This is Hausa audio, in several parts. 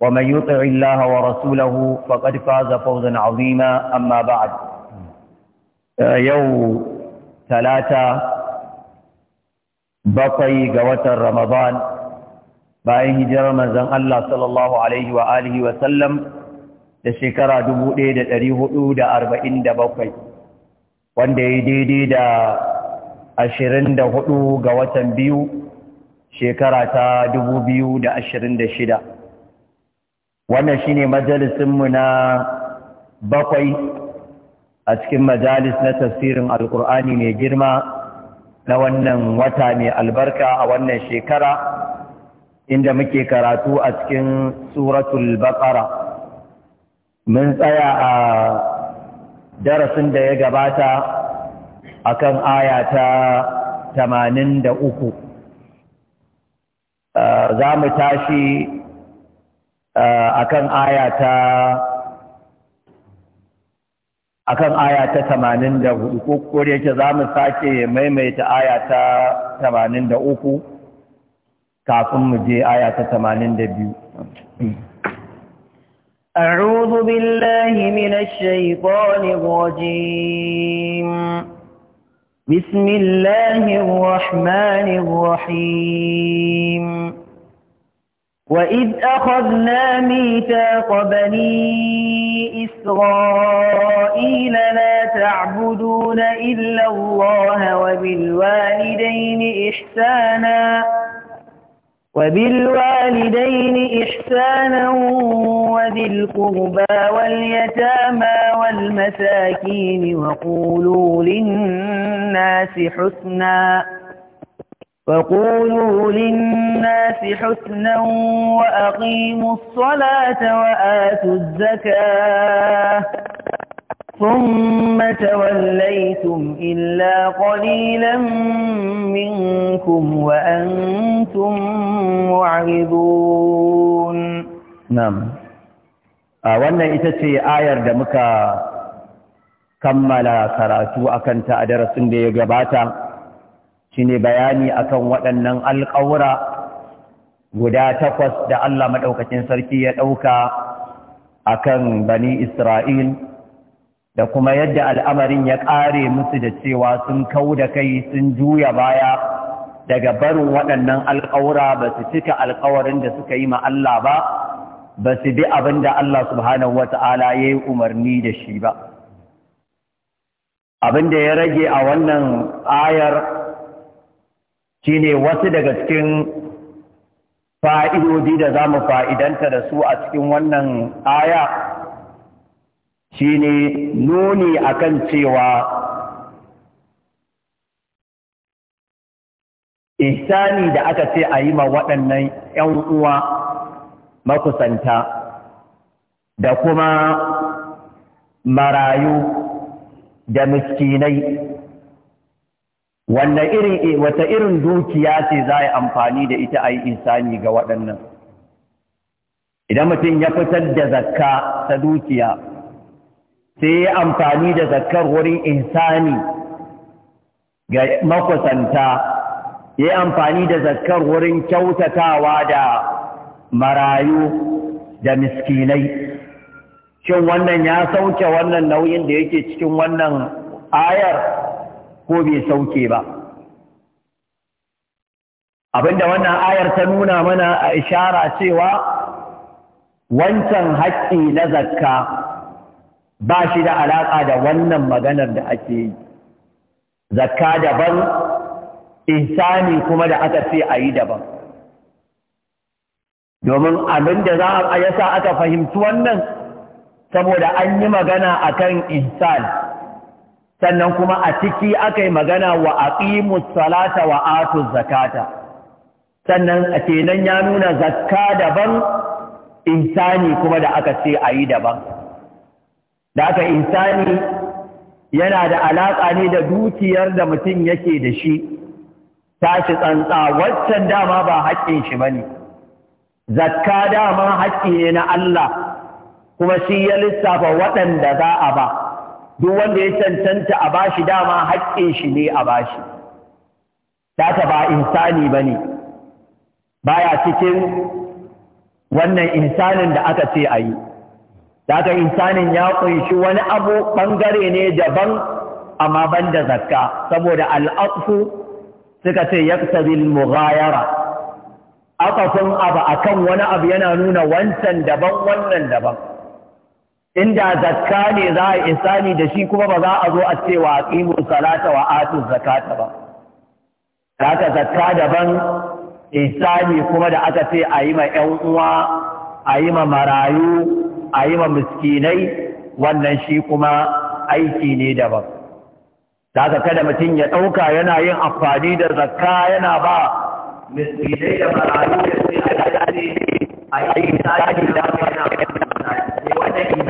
ومن يطع الله ورسوله فقد فاز فوزا عظيما أما بعد يوم ثلاثة بطي قوة رمضان باين هجر رمضان الله صلى الله عليه وآله وسلم لشكرا دبو ديدة تريه أودة أربعين دبقي وان دي دي دي دا أشرين دهو قوة بيو شكرا تا دبو بيو دا أشرين دشدا wannan shine majalisinmu na bakwai a cikin majalis na tafsirin alkur'ani mai girma na wannan wata mai albarka a wannan shekara inda muke karatu a cikin suratul baqara mun tsaya a darasin da ya gabata akan aya ta uku. Uh, za mu tashi akan aya ta akan aya ta 84 ko kore yake zamu sake maimaita aya ta 83 kafin mu je aya ta 82 أعوذ بالله من الشيطان الرجيم بسم الله الرحمن الرحيم وَإِذْ أَخَذْنَا مِيثَاقَ بَنِي إِسْرَائِيلَ لَا تَعْبُدُونَ إِلَّا اللَّهَ وَبِالْوَالِدَيْنِ إِحْسَانًا وَبِالْوَالِدَيْنِ إِحْسَانًا وَذِي الْقُرْبَى وَالْيَتَامَى وَالْمَسَاكِينِ وَقُولُوا لِلنَّاسِ حُسْنًا وقولوا للناس حسنا وأقيموا الصلاة وآتوا الزكاة ثم توليتم إلا قليلا منكم وأنتم معرضون نعم آه، وانا اتتي ce دمك da muka kammala karatu akan ta a shine bayani akan waɗannan alƙawura guda takwas da Allah maɗaukacin sarki ya ɗauka akan bani Isra'il da kuma yadda al'amarin ya ƙare musu da cewa sun kau da kai sun juya baya daga barin waɗannan alƙawura ba su cika alƙawarin da suka yi ma Allah ba ba su bi abin da Allah subhanahu wata'ala ya yi umarni da shi ba abin da ya rage a wannan ayar Shi ne wasu daga cikin fa'idodi da za mu fa'idanta da su a cikin wannan aya ne nuni a kan cewa ihsani da aka ce a yi ma waɗannan ‘yan uwa makusanta da kuma marayu da miskinai wanda irin eh, wata irin dukiya ce za a yi amfani da ita a yi insani ga waɗannan idan mutum ya fitar da zakka ta dukiya sai ya amfani da zakkar wurin insani ga makusanta ya yi amfani da zakkar wurin kyautatawa da marayu da miskinai shin wannan ya sauke wannan nauyin da yake cikin wannan ayar ko bai sauke ba abinda wannan ayar ta nuna mana a ishara cewa wancan haƙƙi na zakka ba shi da alaƙa da wannan maganar da ake yi zakka daban ihsani kuma da aka ce a yi daban domin abinda za a yasa aka fahimci wannan saboda an yi magana akan ihsani sannan kuma a ciki aka yi magana wa aqimus salata wa zakata sannan a kenan ya nuna zakka daban insani kuma da aka ce ayi daban da aka insani yana da alaƙa ne da dukiyar da mutum yake da shi tashi tsantsa waccan dama ba haƙƙin shi bane zakka dama haƙƙi ne na Allah kuma shi ya lissafa waɗanda za a ba duk wanda ya cancanta a bashi dama haƙƙin shi ne a bashi ta ba insani ba ne baya cikin wannan insanin da aka ce a yi ta insanin ya ƙunshi wani abu ɓangare ne daban amma ban da zakka saboda al'afu suka ce yaktabil mughayara akafin abu akan wani abu yana nuna wancan daban wannan daban inda zakka ne za a isani da shi kuma ba za a zo a ce wa aqimu salata wa atu zakata ba haka zakka daban isani kuma da aka ce a yi ma ƴan uwa a yi ma marayu a yi ma miskinai wannan shi kuma aiki ne daban haka kada mutum ya ɗauka yana yin amfani da zakka yana ba miskinai da marayu da sai a yi a yi da mai na wannan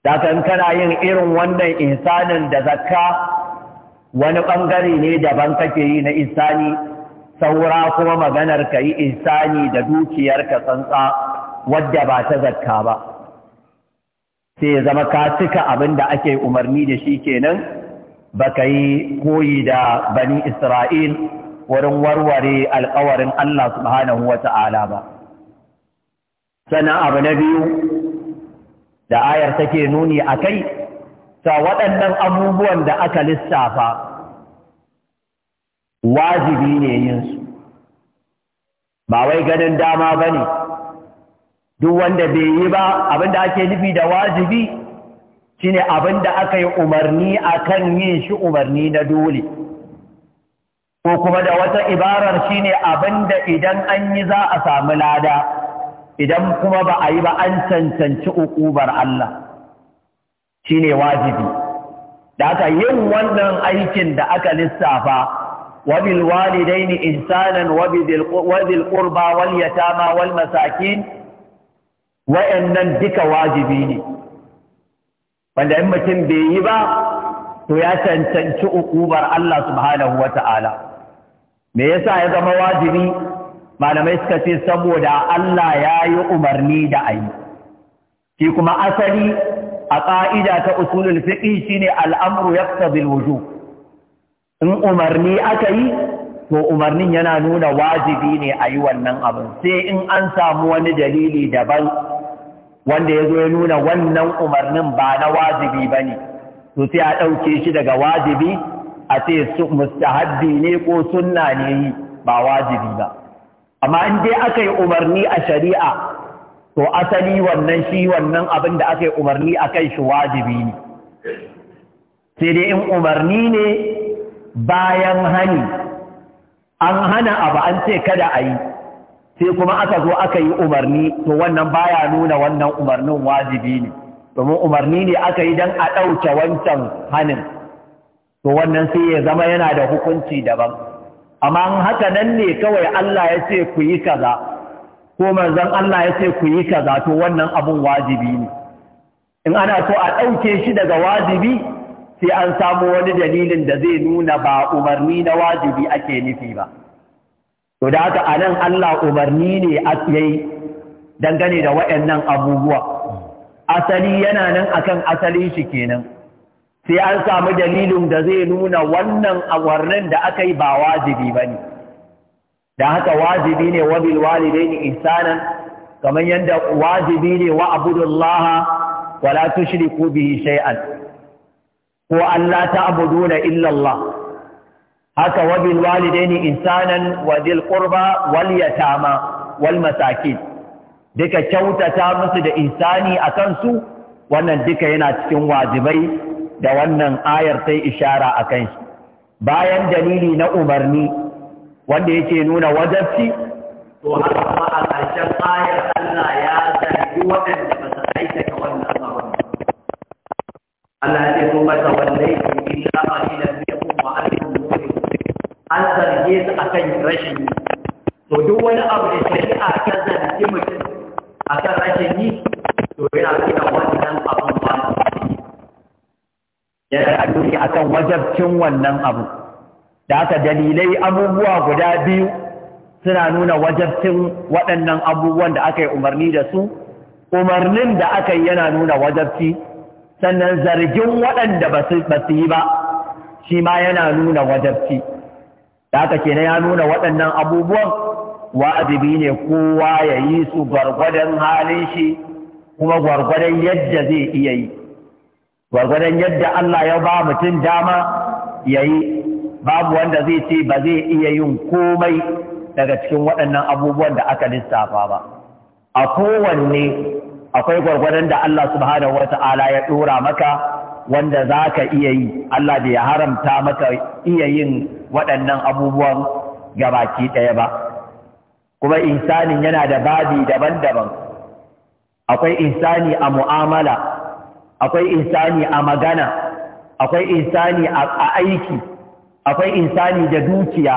Dakan kana yin irin wannan insanin da zakka wani ɓangare ne daban kake yi na insani, saura kuma maganar ka yi insani da dukiyarka tsantsa wadda ba ta zakka ba. Sai zama ka cika abin da ake umarni da shi kenan ba ka yi koyi da bani Isra'il wurin warware alkawarin Allah subhanahu wa ta'ala ba. Sannan abu na biyu da ayar take nuni a kai ta waɗannan abubuwan da aka lissafa wajibi ne yinsu ba wai ganin dama ba ne duk wanda bai yi ba abinda ake nufi da wajibi shine abinda aka yi umarni a kan yin shi umarni na dole ko kuma da wata ibarar shine abinda idan an yi za a sami lada idan kuma ba a yi ba an cancanci uƙubar Allah shi ne wajibi da aka yin wannan aikin da aka lissafa wabil walidaini insanan wabil qurba wal yatama wal masakin wa'annan duka wajibi ne wanda mutum bai yi ba to ya cancanci uƙubar Allah subhanahu ta'ala me yasa ya zama wajibi malamai suka ce saboda Allah ya yi umarni da ayi shi kuma asali a ƙa'ida ta usulul shi shine al'amru yaqtadil wujub in umarni aka yi to umarnin yana nuna wajibi ne a yi wannan abin sai in an samu wani dalili daban wanda ya zo ya nuna wannan umarnin ba na wajibi ba ne to sai a ɗauke shi daga wajibi a ce su mustahabbi ne ko sunna ne yi ba wajibi ba amma in dai aka yi umarni a shari'a to asali wannan shi wannan abin da aka yi umarni a kai shi wajibi ne sai dai in umarni ne bayan hani an hana abu an ce kada a yi sai kuma aka zo aka yi umarni to wannan baya nuna wannan umarnin wajibi ne domin umarni ne aka yi don a ɗauke wancan hanin to wannan sai ya zama yana da hukunci daban amma haka nan ne kawai Allah ya ce ku yi kaza ko manzon Allah ya ce ku yi kaza to wannan abun wajibi ne in ana so a ɗauke shi daga wajibi sai an samu wani dalilin da zai nuna ba umarni na wajibi ake nufi ba to da haka a nan Allah umarni ne a yayi dangane da waɗannan abubuwa asali yana nan akan asalin shi kenan sai an samu dalilin da zai nuna wannan awarnin da aka yi ba wajibi ba ne da haka wajibi ne wa bilwalidai ne insanan kamar yadda wajibi ne wa abudullaha wala tushriku bihi shay'an ko Allah ta'buduna illa Allah haka wa bilwalidai ne insanan wa dil qurba wal yatama wal masakin duka kyautata musu da insani akan su wannan duka yana cikin wajibai da wannan ayar sai ishara a kan shi bayan dalili na umarni wanda yake nuna wajabci to amma a ƙarshen ayar Allah ya zargi waɗanda ba su aikata wannan abin Allah ya ce kuma tawallai ku illa qalilan minkum wa antum mu'ridun an zarge su akan rashin yi to duk wani abu da shari'a ta zargi mutum akan rashin yi to yana nuna wannan yana a kan wajabcin wannan abu da haka dalilai abubuwa guda biyu suna nuna wajabcin waɗannan abubuwan da aka yi umarni da su umarnin da aka yi yana nuna wajabci sannan zargin waɗanda ba su yi ba shi ma yana nuna wajabci da haka kenan ya nuna waɗannan abubuwan wajibi ne kowa ya yi su gwargwadon halin shi kuma gwargwadon yadda zai iya yi gwargwadon yadda Allah ya ba mutum dama ya yi babu wanda zai ce ba zai iya yin komai daga cikin waɗannan abubuwan da aka lissafa ba a kowanne akwai gwargwadon da Allah subhanahu wata'ala ya ɗora maka wanda za ka iya yi Allah bai haramta maka iya yin waɗannan abubuwan gabaki ɗaya ba kuma insanin yana da babi daban-daban akwai insani a mu'amala akwai insani a magana akwai insani a aiki akwai insani da dukiya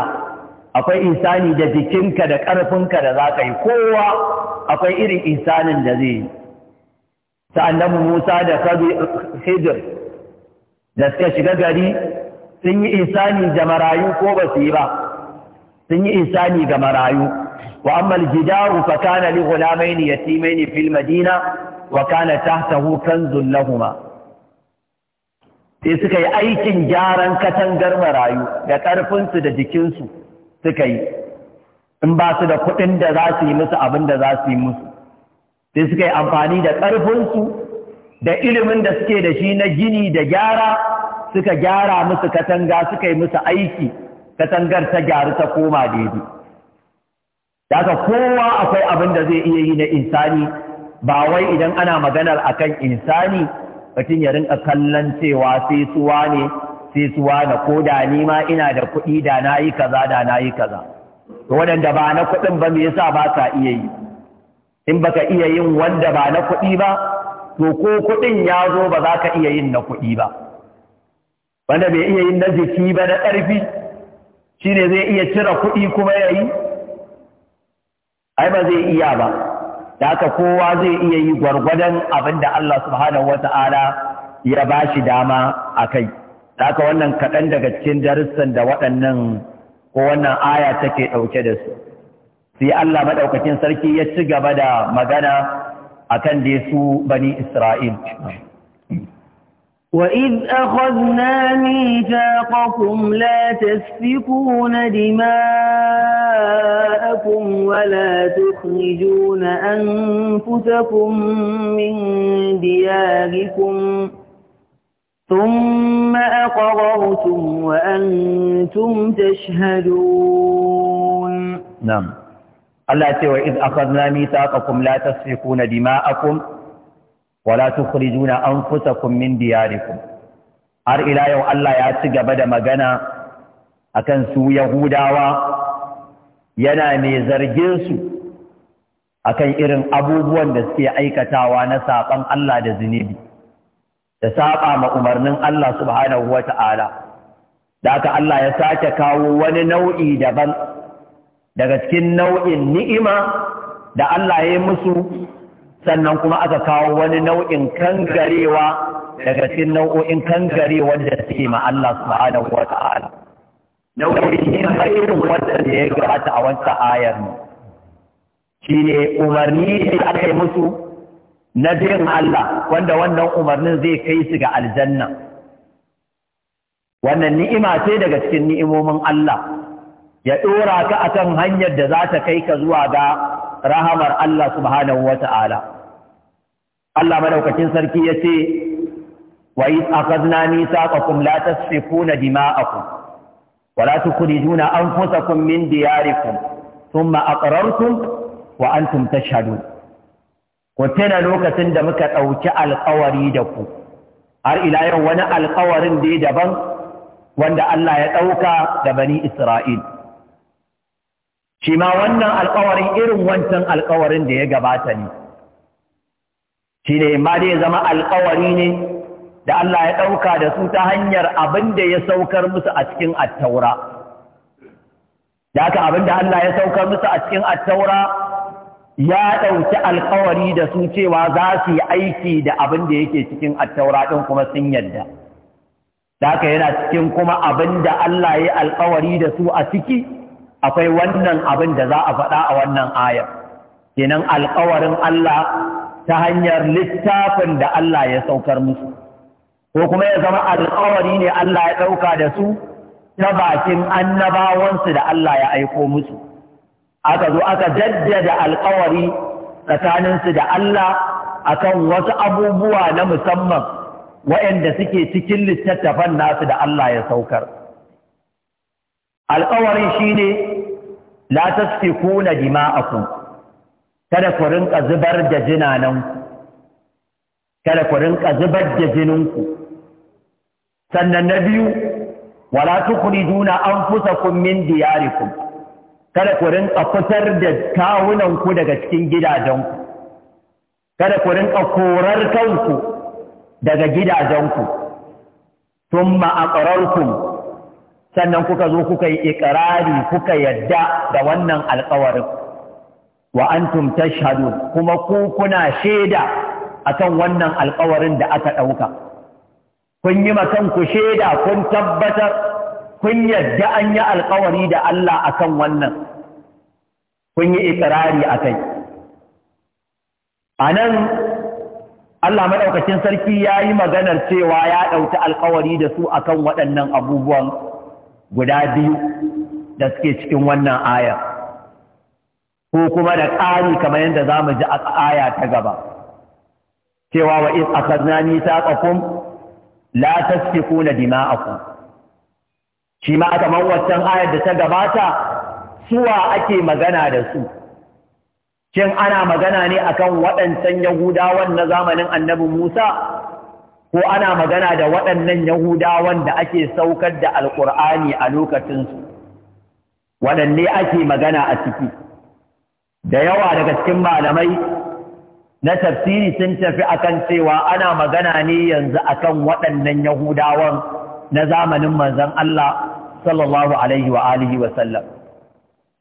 akwai insani da jikinka da ƙarfinka da za ka yi kowa akwai irin insanin da zai yi sa'annabu musa da hijir da suka shiga gari sun yi insani da marayu ko ba su yi ba sun yi insani ga marayu wa amma aljidaru fa kana li ghulamaini yatimaini fil madina wa kana tahtahu kanzun lahuma sai suka yi aikin gyaran katangar marayu da ƙarfinsu da jikinsu suka yi in ba su da kuɗin da za su yi musu abin da za su yi musu sai suka yi amfani da ƙarfinsu da ilimin da suke da shi na gini da gyara suka gyara musu katanga suka yi musu aiki katangar ta gyaru ta koma daidai. Daga kowa akwai abin da zai iya yi na insani ba wai idan ana maganar akan insani mutum ya rinka kallon cewa sai suwa ne sai suwa na ko da ni ma ina da kuɗi da na yi kaza da na yi kaza to waɗanda ba na kuɗin ba me yasa ba ka iya yi in baka iya yin wanda ba na kuɗi ba to ko kuɗin ya zo ba za ka iya yin na kuɗi ba wanda bai iya yin na jiki ba na ƙarfi shine zai iya cire kuɗi kuma ya yi ai ba zai iya ba da haka kowa zai iya yi gwargwadon abin da Allah subhanahu wa ta'ala ya ba shi dama a kai da haka wannan kaɗan daga cikin darussan da waɗannan ko wannan aya take ɗauke da su sai Allah maɗaukakin sarki ya ci gaba da magana akan da su bani Isra'il وَإِذْ أَخَذْنَا مِيثَاقَكُمْ لَا تَسْفِكُونَ دِمَاءَكُمْ وَلَا تُخْرِجُونَ أَنفُسَكُم مِّن دِيَارِكُمْ ثُمَّ أَقْرَرْتُمْ وَأَنتُمْ تَشْهَدُونَ نعم الله يقول وإذ أخذنا ميثاقكم لا تسفكون دماءكم ولا تخرجون انفسكم من دياركم ثم اقررتم وانتم تشهدون نعم الله تعالى واذ اخذنا ميثاقكم لا تسفكون دماءكم wala tukhrijuna anfusakum min diyarikum har ila yau Allah ya ci gaba da magana akan su Yahudawa yana mai zarginsu akan irin abubuwan da suke aikatawa na saɓan Allah da zunubi da saba ma umarnin Allah subhanahu ta'ala. da haka Allah ya sake kawo wani nau'i daban daga cikin nau'in ni'ima da Allah ya yi musu sannan kuma aka kawo wani nau'in kangarewa daga cikin nau'o'in kangarewa da suke ma Allah subhanahu wa ta'ala nau'in irin wanda da ya gabata a wancan ayar ne shine umarni da aka yi musu na bin Allah wanda wannan umarnin zai kai su ga aljanna wannan ni'ima ce daga cikin ni'imomin Allah ya dora ka akan hanyar da za ta kai ka zuwa ga rahamar Allah subhanahu wa ta'ala. Allah maɗaukacin sarki ya ce, Wa yi akazna nisa ƙakum la tasfikuna ku wa an tukhrijuna kun min diyarikun, sun aqrartum wa antum tashhadun. Ku tuna lokacin da muka ɗauki alƙawari da ku, har ila yau wani alƙawarin dai daban wanda Allah ya ɗauka da bani Isra'il. shi ma wannan alƙawarin irin wancan alƙawarin da ya gabata ne shi ne ma dai zama alƙawari ne da Allah ya ɗauka da su ta hanyar abin da ya saukar musu a cikin attaura da aka abin da Allah ya saukar musu a cikin attaura ya ɗauki alƙawari da su cewa za su yi aiki da abin da yake cikin attaura ɗin kuma sun yadda. da aka yana cikin kuma abin da Allah ya alƙawari da su a ciki akwai wannan abin da za a faɗa a wannan ayar kenan alƙawarin Allah ta hanyar littafin da Allah ya saukar musu ko kuma ya zama alƙawari ne Allah ya ɗauka da su ta bakin annabawansu da Allah ya aiko musu aka zo aka jaddada alƙawari tsakaninsu da Allah akan wasu abubuwa na musamman waɗanda suke cikin littattafan nasu da Allah ya saukar. alƙawarin shi shine la a dima'akum kada ku rinka zubar da jinananku kada ku rinka zubar da jininku sannan na biyu wala tukhrijuna anfusakum min diyarikum kada ku rinka fitar da kawunanku daga cikin gidajenku kada ku rinka korar kanku daga gidajenku a aqrarkum sannan kuka zo kuka yi iƙirari kuka yadda da wannan alƙawarin wa antum tashhadu kuma ku kuna shaida akan wannan alƙawarin da aka ɗauka kun yi makan ku shaida kun tabbatar kun yadda an yi alƙawari da Allah akan wannan kun yi iƙirari akai anan Allah madaukakin sarki ya yi maganar cewa ya ɗauki alƙawari da su akan waɗannan abubuwan guda biyu da suke cikin wannan ayar ko kuma da ƙari kamar yadda za mu ji a aya ta gaba cewa wa iz akhadna mithaqakum la tasfikuna dima'akum shi ma kamar waccan ayar da ta gabata suwa ake magana da su shin ana magana ne akan waɗancan yahudawan na zamanin annabi Musa ko ana magana da waɗannan yahudawan da ake saukar da alƙur'ani a lokacinsu waɗanne ake magana a ciki da yawa daga cikin malamai na tafsiri sun tafi akan cewa ana magana ne yanzu akan waɗannan yahudawan na zamanin manzon Allah sallallahu alaihi wa alihi wa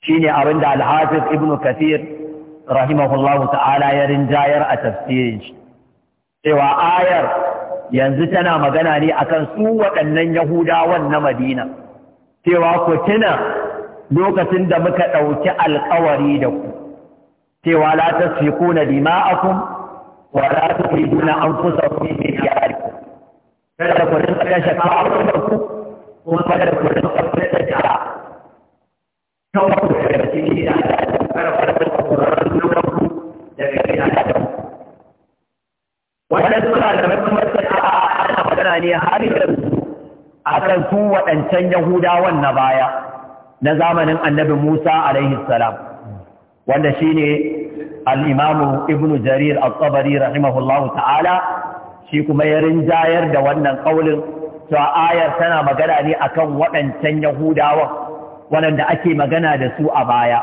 Shi shine abin da al-hafiz ibnu kathir rahimahullahu ta'ala ya rinjayar a tafsirin shi cewa ayar yanzu tana magana ne akan su waɗannan yahudawan na madina cewa ku tuna lokacin da muka ɗauki alkawari da ku cewa la na dima'akum wa la tuqiduna anfusakum min diyarikum kada ku rinka kashe kawunanku kuma kada ku rinka fita da ta ku da waɗansu malamai sun masana ana magana ne har yanzu a kan su waɗancan yahudawan na baya na zamanin annabi musa alaihi salam wanda shi ne al'imamu ibn jarir al-tsabari rahimahullahu ta'ala shi kuma ya rinjayar da wannan ƙaunin to ayar tana magana ne akan waɗancan yahudawan waɗanda ake magana da su a baya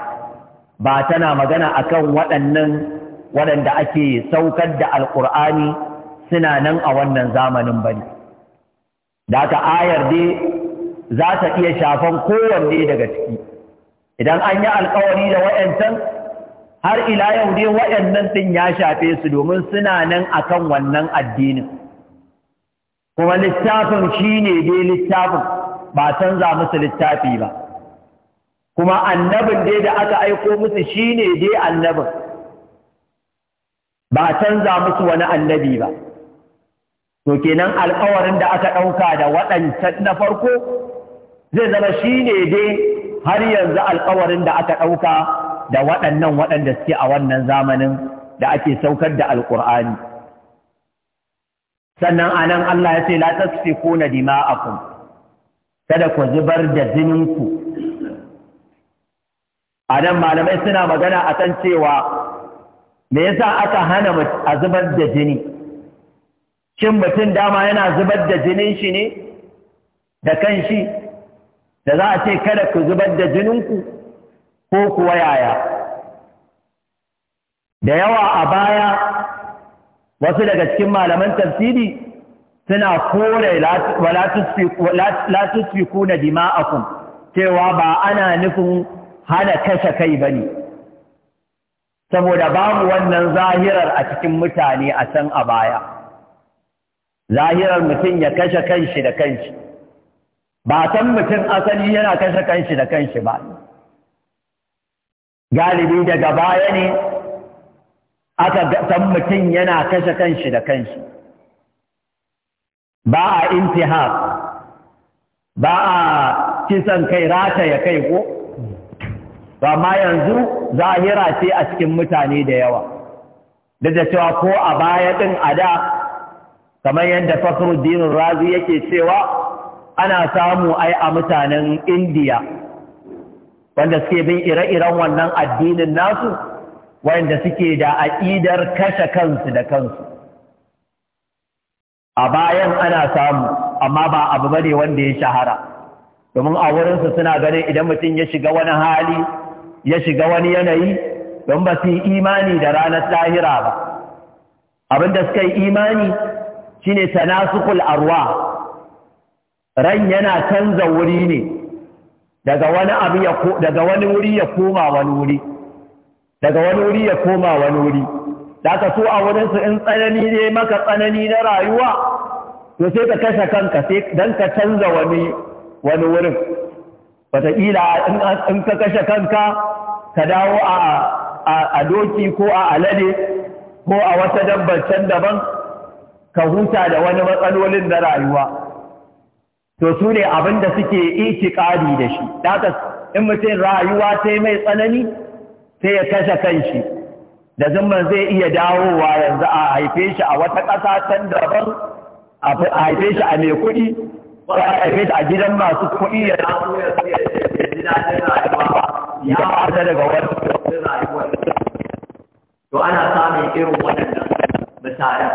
ba tana magana akan waɗannan waɗanda ake saukar da alƙur'ani suna nan a wannan zamanin ba ne da aka ayar dai za ta iya shafan kowanne daga ciki idan an yi alƙawari da wa'yancan har ila yau dai wa'yannan din ya shafe su domin suna nan a kan wannan addinin kuma littafin shi dai littafin ba canza musu littafi ba kuma annabin dai da aka aiko musu shine dai annabin ba a canza musu wani annabi ba to kenan alkawarin da aka ɗauka da waɗancan na farko zai zama shi ne dai har yanzu alkawarin da aka ɗauka da waɗannan waɗanda suke a wannan zamanin da ake saukar da alƙur'ani sannan a nan Allah ya ce la na dima'akum kada ku zubar da jininku a nan malamai suna magana a kan cewa me yasa aka hana a zubar da jini shin mutum dama yana zubar da jinin shi ne da kanshi da za a ce kada ku zubar da jininku ko kuwa yaya da yawa a baya wasu daga cikin malaman tafsiri suna kore latusfi kuna dima'akun cewa ba ana nufin hana kashe kai ba ne saboda babu wannan zahirar a cikin mutane a can a baya zahirar mutum ya kashe kanshi da kanshi ba san mutum asali yana kashe kanshi da kanshi ba galibi daga baya ne aka san mutum yana kashe kanshi da kanshi ba a intihar ba a kisan kai rata ya kai ko ba ma yanzu zahira ce a cikin mutane da yawa da da cewa ko a baya ɗin a da kamar yadda fakhruddin razi yake cewa ana samu ai a mutanen indiya wanda suke bin ire-iren wannan addinin nasu wanda suke da aƙidar kashe kansu da kansu a bayan ana samu amma ba abu bane wanda ya shahara domin a wurinsu suna ganin idan mutum ya shiga wani hali ya shiga wani yanayi don ba su imani da ranar lahira ba abin da suka yi imani shi ne ta nasukul arwa ran yana canza wuri ne daga wani wuri ya koma wani wuri daga wani wuri ya koma wani wuri ka so a wurinsu in tsanani ne maka tsanani na rayuwa to sai ka kashe kanka sai dan ka canza wani wurin wataƙila in ka kashe kanka ka dawo a doki ko a alade ko a wata dabbar can daban ka huta da wani matsalolin da rayuwa to su ne abin da suke ƙari da shi daga in mutum rayuwa ta mai tsanani sai ya kashe kan shi. da zumman zai iya dawowa yanzu a haife shi a wata ƙasa can daban a haife shi a mai kuɗi wanda aka haife a gidan masu kuɗi ya rasu ya ji daɗin rayuwa ya fata daga wani to ana samun irin waɗannan misalan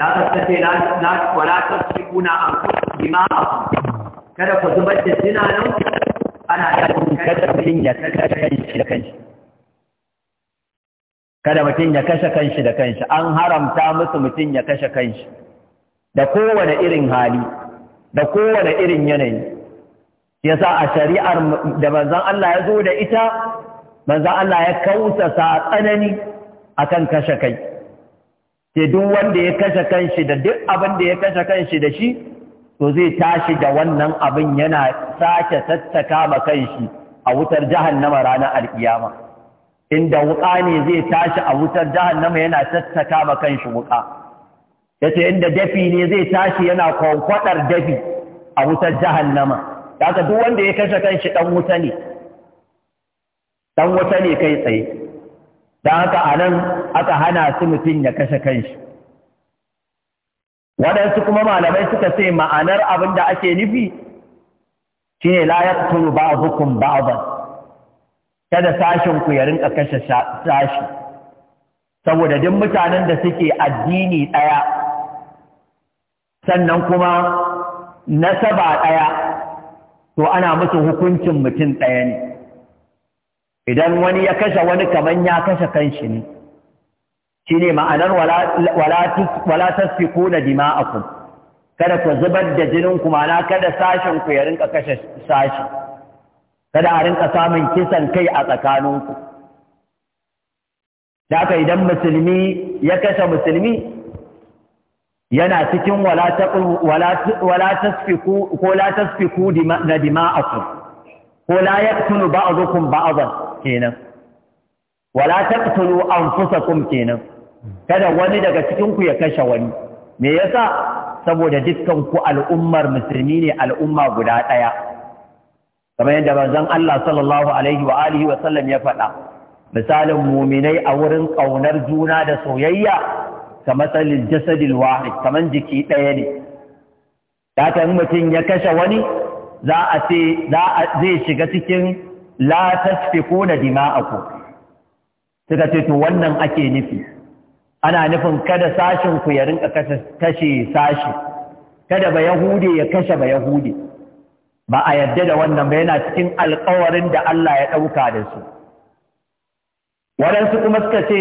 ta kasance na wala tasrifuna an kuma kada ku zubar da jinanan ana da kada mutum ya kashe kanshi da kanshi kada mutum ya kashe kanshi da kanshi an haramta musu mutum ya kashe kanshi da kowane irin hali da kowane irin yanayi ya sa a shari'ar da manzon Allah ya zo da ita manzan Allah ya kausa tsanani akan kashe kai sai duk wanda ya kashe kanshi da duk abin da ya kashe kanshi da shi to zai tashi da wannan abin yana sake tattaka ma kanshi a wutar jahannama ranar alkiyama inda wuƙa ne zai tashi a wutar jahannama yana tattaka ma kanshi wuƙa ya ce inda dafi ne zai tashi yana kwankwadar dafi a wutar jahannama daga duk wanda ya kashe kanshi dan wuta ne dan wuta ne kai tsaye Da haka a nan aka hana su mutum ya kashe kanshi waɗansu kuma malamai suka ce ma'anar abin da ake nufi shi ne layar turu ba hukun ba'aban kada sashinku ya rinka kashe sashi saboda duk mutanen da suke addini ɗaya sannan kuma nasaba ɗaya to ana musu hukuncin mutum ɗaya ne idan wani ya kashe wani kamar ya kashe kanshi ne shi ne ma'anar wala tasfiku na ku. kada ku zubar da jinin ku mana kada sashen ku ya rinka kashe sashi kada a rinka samun kisan kai a tsakaninku da haka idan musulmi ya kashe musulmi yana cikin wala tasfiku ko la tasfiku na dima'akum a la yaqtulu ba'dukum ba'dan kenan wala taqtulu anfusakum kenan kada wani daga cikinku ya kashe wani me yasa saboda dukkan ku al'ummar musulmi ne al'umma guda ɗaya. kamar yadda manzon Allah sallallahu alaihi wa alihi wa ya faɗa misalin muminai a wurin ƙaunar juna da soyayya ka jasadin wahid kaman jiki ɗaya ne ta mutum ya kashe wani za a ce zai shiga cikin la tasfiku na dima'aku suka ce to wannan ake nufi ana nufin kada sashin ku ya rinka kashe sashi kada ba yahude ya kashe ba yahudi ba a yadda da wannan ba yana cikin alkawarin da Allah ya ɗauka da su waɗansu kuma suka ce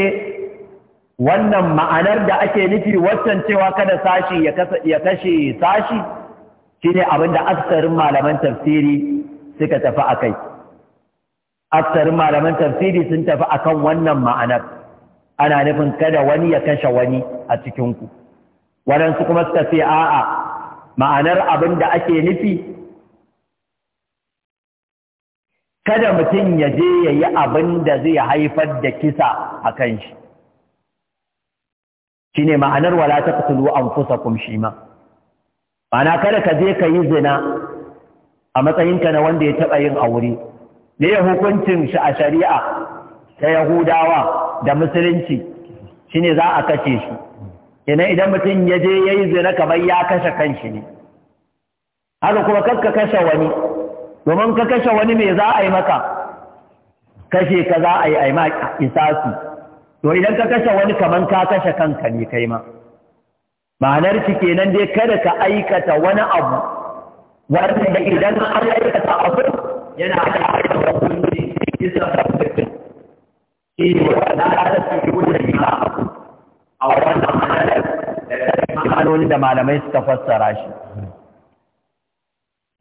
wannan ma'anar da ake nufi wancan cewa kada sashi ya kashe sashi shine abin da aksarin malaman tafsiri suka tafi a kai aksarin malaman tafsiri sun tafi akan wannan ma'anar ana nufin kada wani ya kashe wani a cikinku waɗansu kuma suka ce a'a ma'anar abin da ake nufi kada mutum ya je ya yi abin da zai haifar da kisa a kan shi shine ma'anar wala taqtulu anfusakum shima ma'ana kada ka je ka yi zina a matsayin matsayinka na wanda ya taɓa yin aure ne hukuncin shi a shari'a ta yahudawa da musulunci shine za a kace shi ina idan mutum ya je ya yi zina kamar ya kashe kan shi ne haka kuma ka kashe wani domin ka kashe wani me za a yi maka kashe ka za a yi a yi ma isasi to idan ka kashe wani kaman ka kashe kanka ne kai ma ma'anar shi kenan dai kada ka aikata wani abu wanda idan an aikata abu yana aikata wani kisa da kafin shi ne wanda ta ce wanda abu. a wannan ma'anar da ma'anoni da malamai suka fassara shi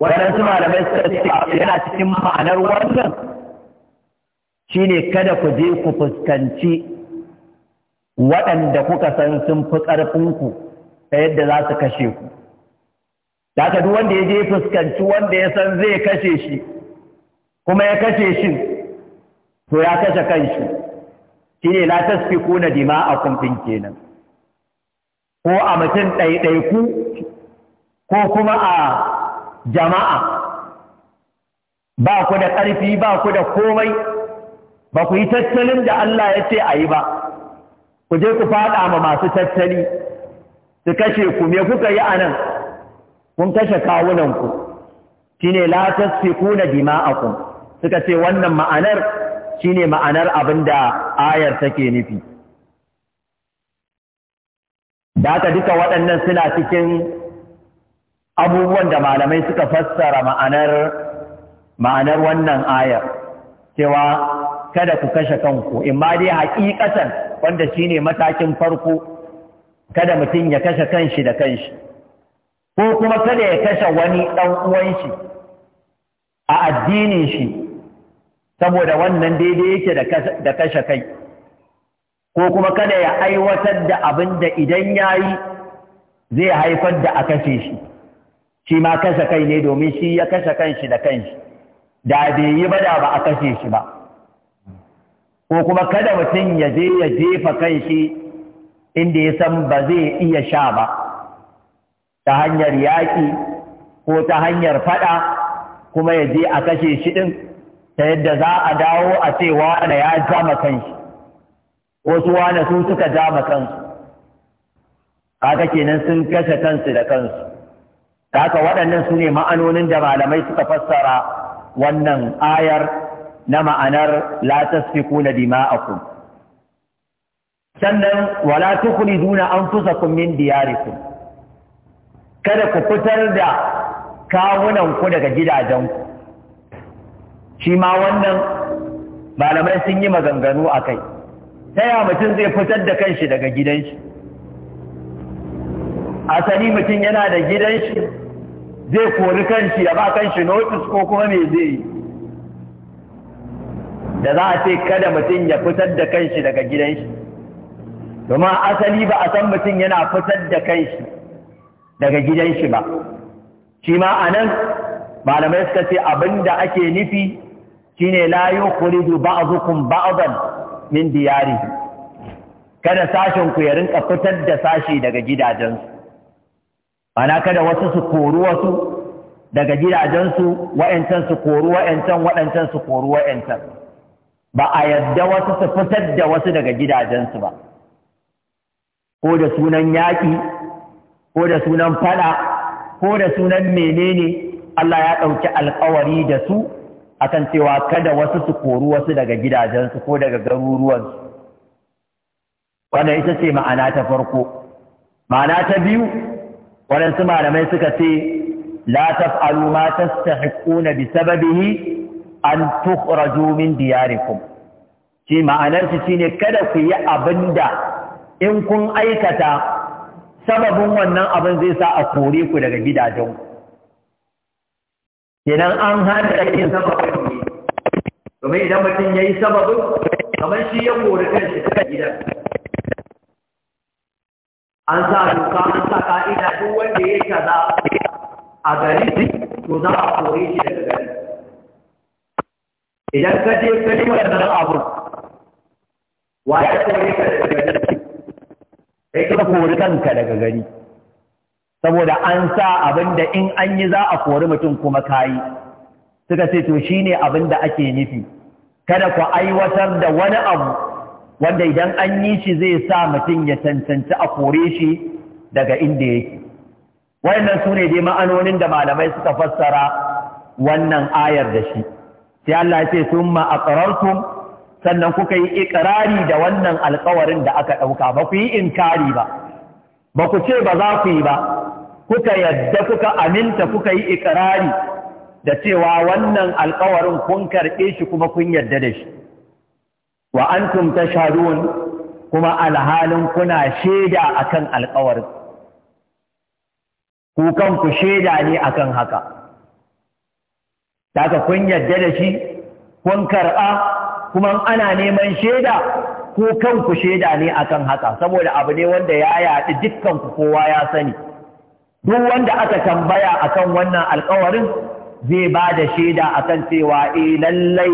Wannan su malamai suka ce yana cikin ma'anar wannan shine kada ku je ku fuskanci waɗanda kuka san sun fi ƙarfinku ta yadda za su kashe ku Daga duk wanda ya je fuskanci wanda ya san zai kashe shi kuma ya kashe shi to ya kashe kanshi shi ne na tasfi na dima a kumfin kenan ko a mutum ɗaiɗaiku ko kuma a jama'a ba ku da ƙarfi ba ku da komai ba ku yi tattalin da Allah ya ce a yi ba ku je ku faɗa ma masu tattali su kashe ku me kuka yi anan kun kashe kawunanku shine la tasfikuna dima'akum suka ce wannan ma'anar shine ma'anar abinda ayar take nufi da ka duka waɗannan suna cikin abubuwan da malamai suka fassara ma'anar ma'anar wannan ayar cewa kada ku kashe kanku in ma dai haƙiƙatan wanda ne matakin farko kada mutum ya kashe kanshi da kanshi ko kuma kada ya kashe wani ɗan uwanshi a addinin shi saboda wannan daidai yake da kashe kai ko kuma kada ya aiwatar da abin da idan ya yi zai haifar da a kashe shi shi ma kashe kai ne domin shi ya kashe kanshi da kanshi da bai yi ba da ba a kashe shi ba ko kuma kada mutum ya je ya jefa kanshi, shi inda ya san ba zai iya sha ba ta hanyar yaƙi ko ta hanyar faɗa kuma ya je a kashe shi ɗin ta yadda za a dawo a ce wane ya jama kanshi wasu wane su suka jama kansu haka kenan sun kashe kansu da kansu haka waɗannan su ne ma'anonin da malamai suka fassara wannan ayar na ma'anar la tasfikuna dima'akum sannan wala tukhriduna anfusakum min diyarikum kada ku fitar da kawunan ku daga gidajen ku shi ma wannan malamai sun yi maganganu a kai ta ya mutum zai fitar da kanshi daga gidanshi? asali mutum yana da gidanshi? zai kori kanshi ya ba kanshi notice ko kuma me zai yi da za a ce kada mutum ya fitar da kanshi daga gidan shi domin asali ba a san mutum yana fitar da kanshi daga gidan shi ba shi ma a nan malamai suka ce abin da ake nufi shine la yukhridu a ba'dan min diyari kada sashen ku ya rinka fitar da sashi daga gidajensu ana kada wasu su kori wasu daga gidajensu wa'yancan su kori wa'yancan waɗancan su kori wa'yancan ba a yadda wasu su fitar da wasu daga gidajensu ba ko da sunan yaƙi ko da sunan fada ko da sunan menene Allah ya ɗauki alkawari da su akan cewa kada wasu su koru wasu daga gidajensu ko daga garuruwansu wannan ita ce ma'ana ta farko ma'ana ta biyu waɗansu malamai suka ce la taf'alu ma tastahiquna bi sababihi an tukhraju min diyarikum shi ma'anar shi shine kada ku yi abinda in kun aikata sababin wannan abin zai sa a kore ku daga gidajen kenan an hana yin sababin ne domin idan mutum yayi sababin kamar shi ya kore kanshi daga gidan an sa doka an sa ka'ida duk wanda ya kaza a gari to za a kore shi daga gari idan ka je ka da nan abun wa ya kore ka daga gari sai ka kori kanka daga gari saboda an sa abin da in an yi za a kori mutum kuma kayi suka ce to shine abin da ake nufi kada ku aiwatar da wani abu wanda idan an yi shi zai sa mutum ya cancanci a kore shi daga inda yake wannan su dai ma'anonin da malamai suka fassara wannan ayar da shi sai Allah ma ce sun ma'aƙararkun sannan kuka yi ikirari da wannan alkawarin da aka ɗauka ba ku yi inkari ba ba ku ce ba za ku yi ba kuka yadda kuka aminta kuka yi ikirari da cewa wannan alkawarin kun karɓe shi kuma kun yadda da shi wa antum tashhadun kuma alhalin kuna shaida akan alkawarin ku kanku shaida ne akan haka Taka kun yarda da shi kun karɓa kuma ana neman shaida ko kanku shaida ne akan haka saboda abu ne wanda ya yaɗi dukkanku kowa ya sani duk wanda aka tambaya akan wannan alkawarin zai ba da shaida akan cewa eh lallai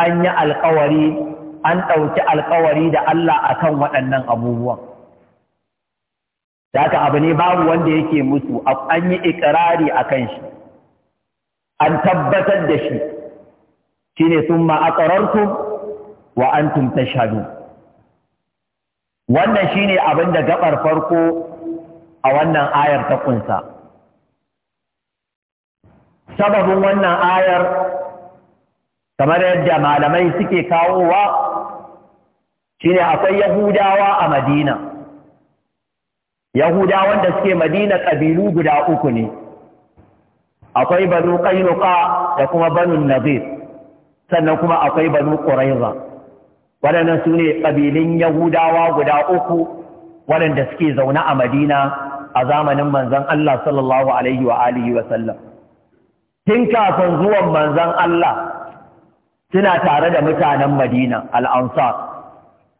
an yi alkawari an ɗauki alkawari da Allah akan waɗannan abubuwan da haka abu ne babu wanda yake mutu, an yi ikirari akan shi an tabbatar da shi shine thumma aqrartum wa antum tashhadun wannan ne abin da gabar farko a wannan ayar ta kunsa sababin wannan ayar kamar yadda malamai suke kawowa ne akwai yahudawa a madina yahudawan da suke madina ƙabilu guda uku ne akwai banu qainuqa da kuma banu Nazir sannan kuma akwai banu Ƙuraiza. waɗannan su ne ƙabilun yahudawa guda uku waɗanda suke zaune a madina a zamanin manzon Allah sallallahu alaihi wa alihi tun kafin zuwan manzon Allah suna tare da mutanen madina al-ansar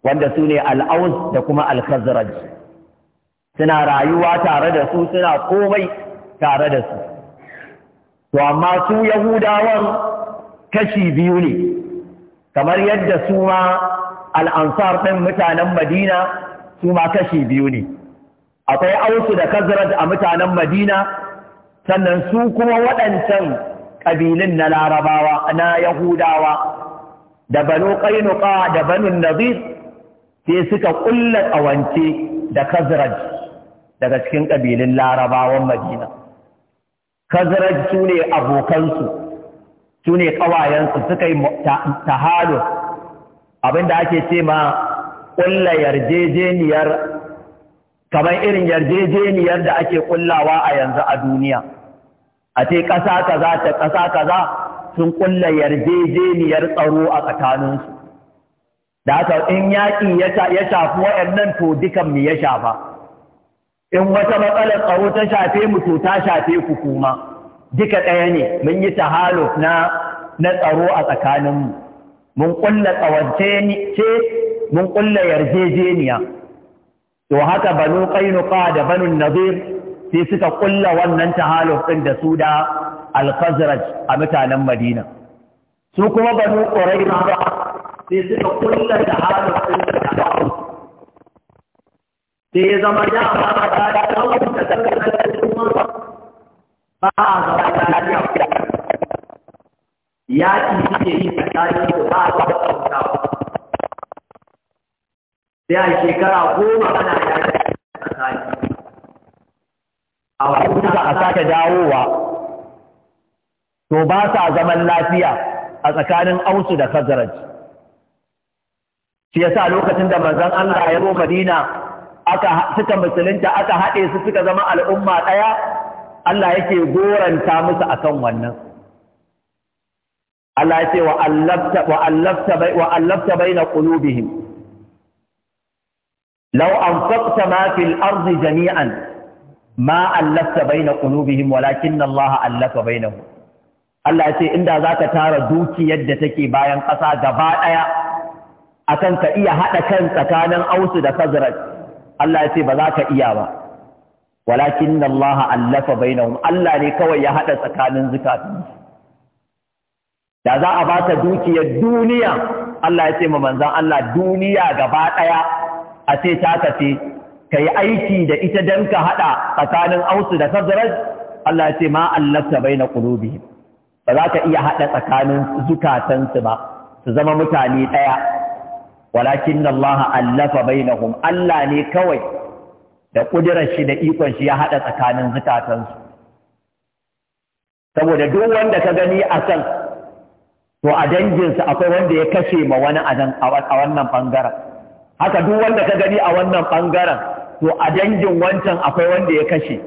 wanda su ne al da kuma al suna rayuwa tare da su suna komai tare da su to amma su yahudawan kashi biyu ne kamar yadda su ma al'ansar ɗin mutanen madina su ma kashi biyu ne akwai ausu da kazarat a mutanen madina sannan su kuma waɗancan ƙabilun na larabawa na yahudawa da banu ƙainuka da Banun nazir sai suka ƙulla ƙawance da kazarat daga cikin ƙabilun larabawan madina khazraj su ne abokansu su ne ƙawayensu suka yi tahalo abinda ake ce ma ƙulla yarjejeniyar kamar irin yarjejeniyar da ake ƙullawa a yanzu a duniya a ce ƙasa kaza ta ƙasa kaza sun ƙulla yarjejeniyar tsaro a tsakaninsu da haka in yaƙi ya shafi waɗannan to dukan mu ya shafa in wata matsalar tsaro ta shafe mu to ta shafe ku kuma duka ɗaya ne mun yi tahaluf na na tsaro a tsakaninmu mun ƙulla tsawance ce mun ƙulla yarjejeniya to haka banu qainuqa da banu nadir sai suka ƙulla wannan tahaluf ɗin da su da al-khazraj a mutanen madina su kuma banu quraiza sai suka ƙulla tahaluf ɗin da sai ya zama ya ba da ta da ta kawai ta tsakanin kuma ba a zama ta da yaƙi suke yi tsakanin su ba a wata ƙauta sai a shekara goma ana ya tsakanin a wata a sake dawowa to ba sa zaman lafiya a tsakanin ausu da khazaraj shi yasa lokacin da manzon Allah ya zo Madina aka suka musulunta aka haɗe su suka zama al'umma ɗaya Allah yake goranta musu akan wannan Allah yake wa wa allafta bai na allafta baina qulubihim law anfaqta ma fil arzi jami'an ma allafta baina walakin walakinna Allah allafa bainahum Allah ya yake inda zaka tara dukiyar da take bayan ƙasa gaba ɗaya akan ka iya haɗa kan tsakanin ausu da kazirat. Allah ya ce ba za ka iya ba walakin Allah allafa bainahum Allah ne kawai ya hada tsakanin zukatun da za a baka dukiyar duniya Allah ya ce ma manzon Allah duniya gaba daya a ce ta kace kai aiki da ita dan ka hada tsakanin ausu da khazraj Allah ya ce ma allafta baina qulubihim ba za ka iya hada tsakanin zukatansu ba su zama mutane daya walakin Allah allafa bainahum Allah ne kawai da kudirar shi da ikon shi ya hada tsakanin su saboda duk wanda ka gani a san to a danginsa akwai wanda ya kashe ma wani a wannan bangaren haka duk wanda ka gani a wannan bangaren to a dangin wancan akwai wanda ya kashe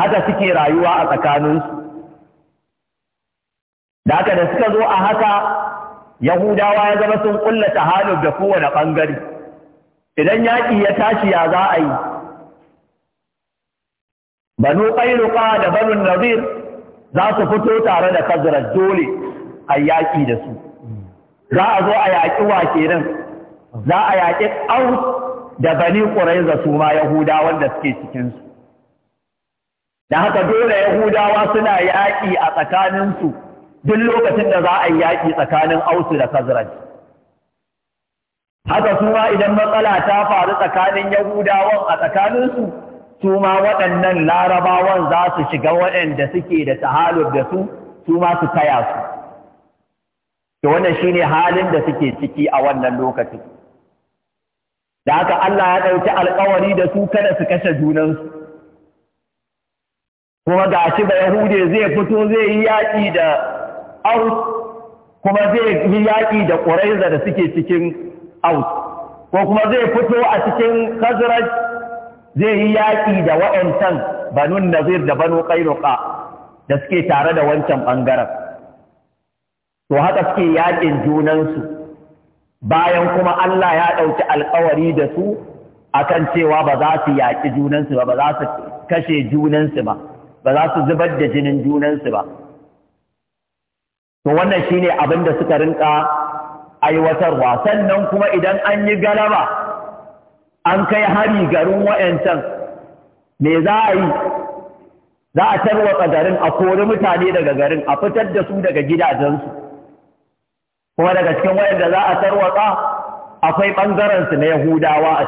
haka suke rayuwa a tsakaninsu da haka da suka zo a haka yahudawa ya zama sun kulla tahalub da kowane ɓangare idan yaƙi ya tashi ya za a yi banu ƙairuka da banu nazir za su fito tare da kazirar dole a yaƙi da su za a zo a yaƙi wa nan. za a yaƙi aus da bani ƙuraiza su ma yahudawan da suke cikinsu da haka dole yahudawa suna yaƙi a tsakaninsu duk lokacin da za a yi yaƙi tsakanin ausu da khazraj haka su idan matsala ta faru tsakanin yahudawan a tsakaninsu su ma waɗannan larabawan za su shiga waɗanda suke da tahalub da su su ma su taya su to wannan shine halin da suke ciki a wannan lokacin da haka Allah ya ɗauki alƙawari da su kada su kashe junansu kuma ga shi ba Yahude zai fito zai yi yaƙi da aus kuma zai yi yaƙi da ƙuraiza da suke cikin aus ko kuma zai fito a cikin khazraj zai yi yaƙi da wa'ancan banun nazir da banu qainuqa da suke tare da wancan ɓangaren to haka suke yaƙin junansu bayan kuma Allah ya ɗauki alƙawari da su akan cewa ba za su yaƙi junansu ba ba za su kashe junansu ba ba za su zubar da jinin junansu ba to wannan shine abin da suka rinka aiwatarwa sannan kuma idan an yi galaba an kai hari garin wa'yancan me za a yi za a tarwatsa garin a kori mutane daga garin a fitar da su daga gidajensu kuma daga cikin da za a tarwatsa akwai ɓangarensu na yahudawa a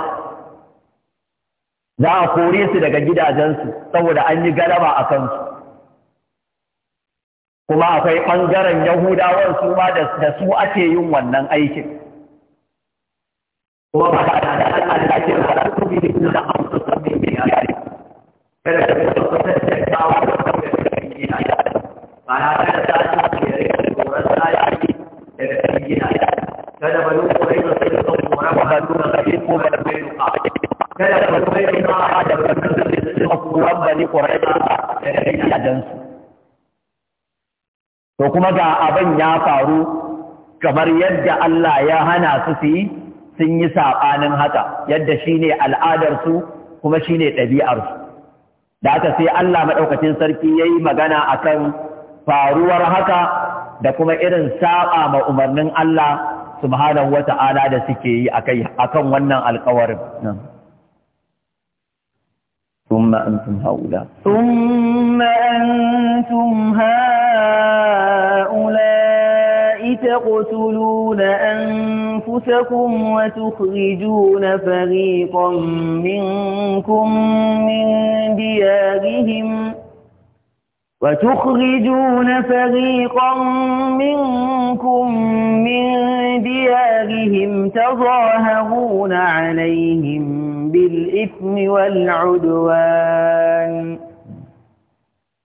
za a kore su daga gidajensu saboda an yi galaba a kansu kuma akwai ɓangaren yahudawan su ma da su ake yin wannan aikin kuma ba da Allah ke fara da bi da na amsu da bi yari kada da su ta ta wa da ta yi ya ba da ta ta ta ke da goran da ya yi da ta yi da kada ba lokacin da sai da goran ba da ta yi ko da bai ka kada ba lokacin da ba da ta yi da goran ba ni ko da ta yi ya dan su to kuma ga abin ya faru kamar yadda Allah ya hana su su yi sun yi saɓanin haka yadda shi ne al'adarsu kuma shi ne ɗabi'arsu da aka sai Allah maɗaukacin sarki ya yi magana a kan faruwar haka da kuma irin saɓa ma umarnin Allah subhanahu wa ta'ala da suke yi a kan wannan alkawarin. ثم أنتم هؤلاء تقتلون أنفسكم وتخرجون فريقا منكم من ديارهم وتخرجون فريقا منكم من ديارهم تظاهرون عليهم بالإثم والعدوان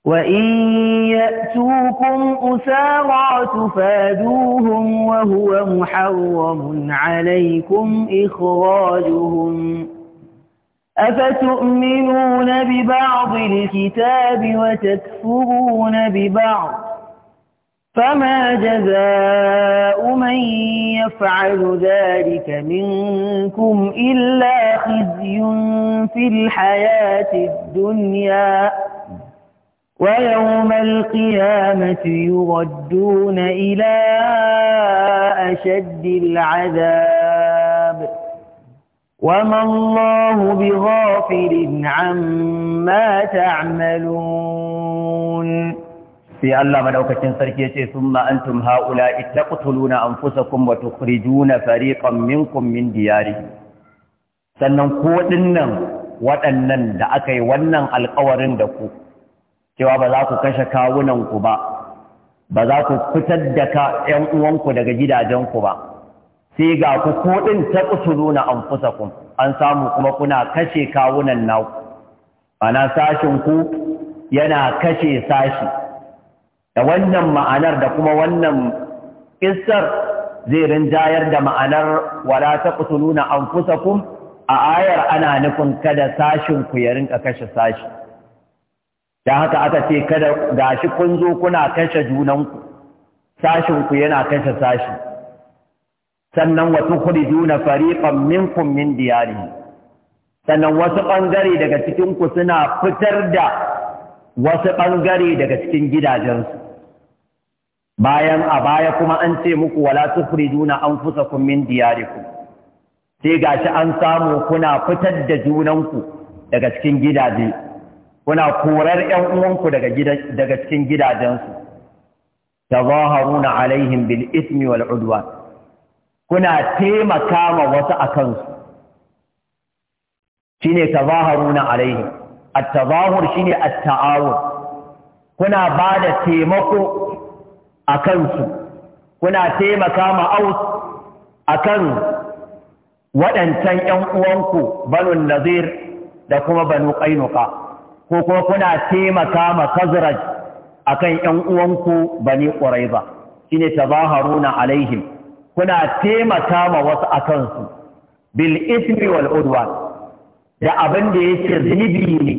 وإن يأتوكم أسارى تفادوهم وهو محرم عليكم إخراجهم أفتؤمنون ببعض الكتاب وتكفرون ببعض فما جزاء من يفعل ذلك منكم إلا خزي في الحياة الدنيا ويوم القيامة يردون إلى أشد العذاب وما الله بغافل عما تعملون في الله ملوكة سركية ثم أنتم هؤلاء تقتلون أنفسكم وتخرجون فريقا منكم من ديارهم سننقود النم وأنن لأكي ونن القوارن دكوك cewa ba za ku kashe kawunanku ba ba za ku fitar da ka ‘yan uwanku daga gidajenku ba sai ga ku kuɗin ta kusuru na an an samu kuma kuna kashe kawunan ku. ana sashinku yana kashe sashi da wannan ma'anar da kuma wannan kissar zai rinjayar da ma'anar wala ta kusuru na an a ayar ana nufin kada sashin ku ya rinka kashe sashi Da haka aka ce kada gashi kun zo kuna kashe junanku sashinku yana kashe sashi sannan wasu kuri juna fariƙan minkum min diyari sannan wasu ɓangare daga cikinku suna fitar da wasu ɓangare daga cikin gidajensu bayan a baya kuma an ce muku wala kudi juna an fusa kun min diyariku sai gashi an samu kuna fitar da junanku daga cikin gidaje kuna korar ‘yan uwanku daga cikin gidajensu, ta zaharuna alaihim bil ismi wal udwa kuna taimaka ma wasu a kansu, shi ne ta zaharuna alaihim, attazahur shi ne a ta’awun, kuna ba da taimako a kansu, kuna taimaka ma aus a kan waɗancan ‘yan uwanku banun nazir da kuma banu ƙainuka. ko kuma kuna taimaka ma kazraj akan ƴan uwanku bani quraiza shine tazaharuna alaihim kuna taimaka ma wasu akan su bil ismi wal udwan da abin da yake zunubi ne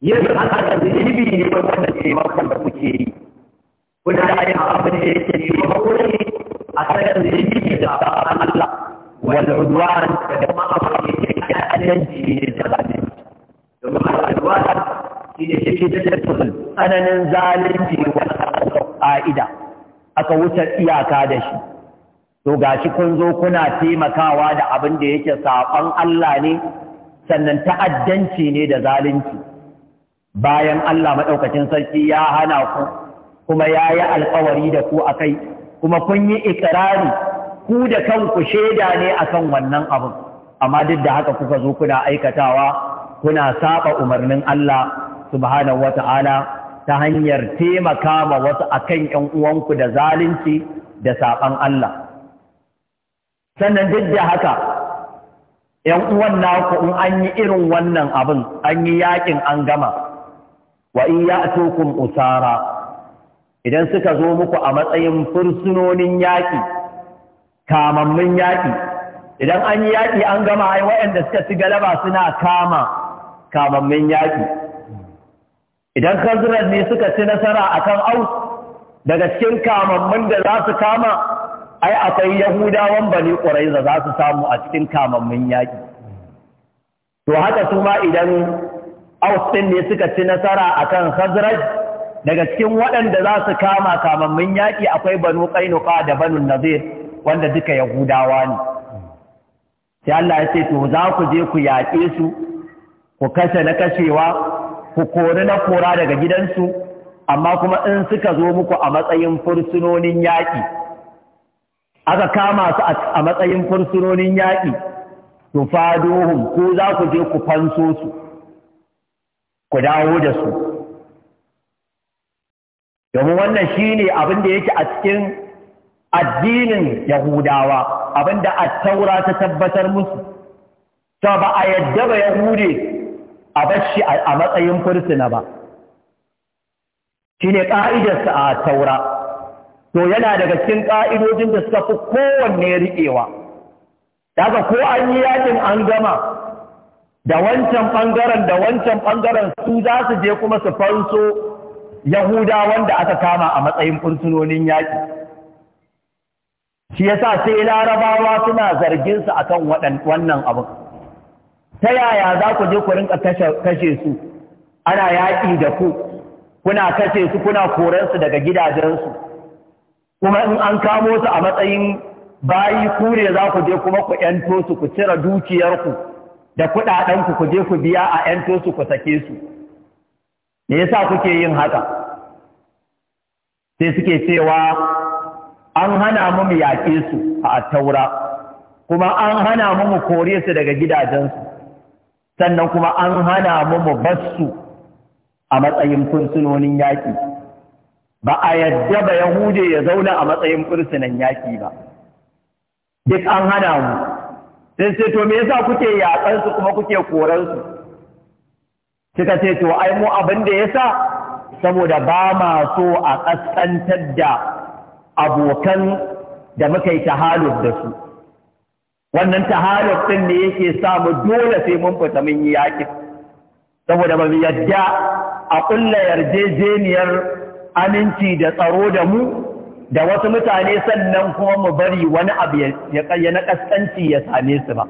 yin haka zunubi ne wanda taimakon da kuke yi kuna yin abin da yake taimako ne a kan zunubi da Allah wal udwan da kuma abin da yake ta'addanci ne da shi tsananin zalunci wanda aka ƙa'ida aka wuce iyaka da shi to gashi kun zo kuna taimakawa da abin da yake saɓan Allah ne sannan ta'addanci ne da zalunci bayan Allah maɗaukacin sarki ya hana ku kuma ya yi alkawari da ku a kai kuma kun yi ikirari ku da kanku shaida ne akan wannan abin amma duk da haka kuka zo kuna aikatawa kuna saba umarnin Allah subhanahu wata'ala ta hanyar taimaka ma wasu akan ƴan uwanku da zalunci da saban Allah sannan duk da haka ƴan uwan naku in an yi irin wannan abin an yi yakin an gama wa in ya'tukum usara idan suka zo muku a matsayin fursunonin yaƙi kamammin yaƙi idan an yi yaƙi an gama ai waɗanda suka ci galaba suna kama kamammin yaƙi idan khazraj ne suka ci nasara a kan aus daga cikin kamammin da za su kama ai akwai yahudawan bani quraiza za su samu a cikin kamammin yaƙi to haka su ma idan aus ɗin ne suka ci nasara a kan khazraj daga cikin waɗanda za su kama kamammin yaƙi akwai banu qainuqa da banu nazir wanda duka yahudawa ne sai Allah ya ce to za ku je ku yaƙe su ku kashe na kashewa ku kori na kora daga gidansu amma kuma in suka zo muku a matsayin fursunonin yaƙi aka kama su a matsayin fursunonin yaƙi to fadohum ko za ku je ku fanso su ku dawo da su domin wannan shi ne abin da yake a cikin addinin yahudawa abin da attaura ta tabbatar musu ta a yadda ba yahude a bashi a matsayin fursuna ba ne ƙa'idarsa a taura to yana daga cikin ƙa'idojin da suka fi kowanne riƙewa daga ko an yi yakin an gama da wancan ɓangaren da wancan ɓangaren su za su je kuma su fanso yahuda wanda aka kama a matsayin fursunonin yaƙi shi sa sai larabawa suna zargin su kan wannan abin ta yaya za ku je ku rinka kashe su ana yaƙi da ku kuna kashe su kuna su daga gidajensu kuma in an kamo su a matsayin bayi ku ne za ku je kuma ku ‘yanto su ku cire dukiyarku da kuɗaɗenku ku je ku biya a ‘yanto su ku sake su me yasa kuke yin haka sai suke cewa an hana mu mu yaƙe su a taura kuma an hana mu mu kore su daga gidajensu sannan kuma an hana mu mu a matsayin fursunonin yaƙi ba a yadda ba yahude ya zauna a matsayin fursunan yaƙi ba duk an hana mu sai sai to me yasa kuke su kuma kuke su? kika ce to ai mu abin da yasa saboda ba ma so a kaskantar da abokan da muka yi tahaluf da su wannan taharar ɗin ne yake samu dole sai mun fita mun yi yaƙi saboda ba mu yadda a ƙulla yarjejeniyar aminci da tsaro da mu da wasu mutane sannan kuma mu bari wani abu ya na kaskanci ya same su ba.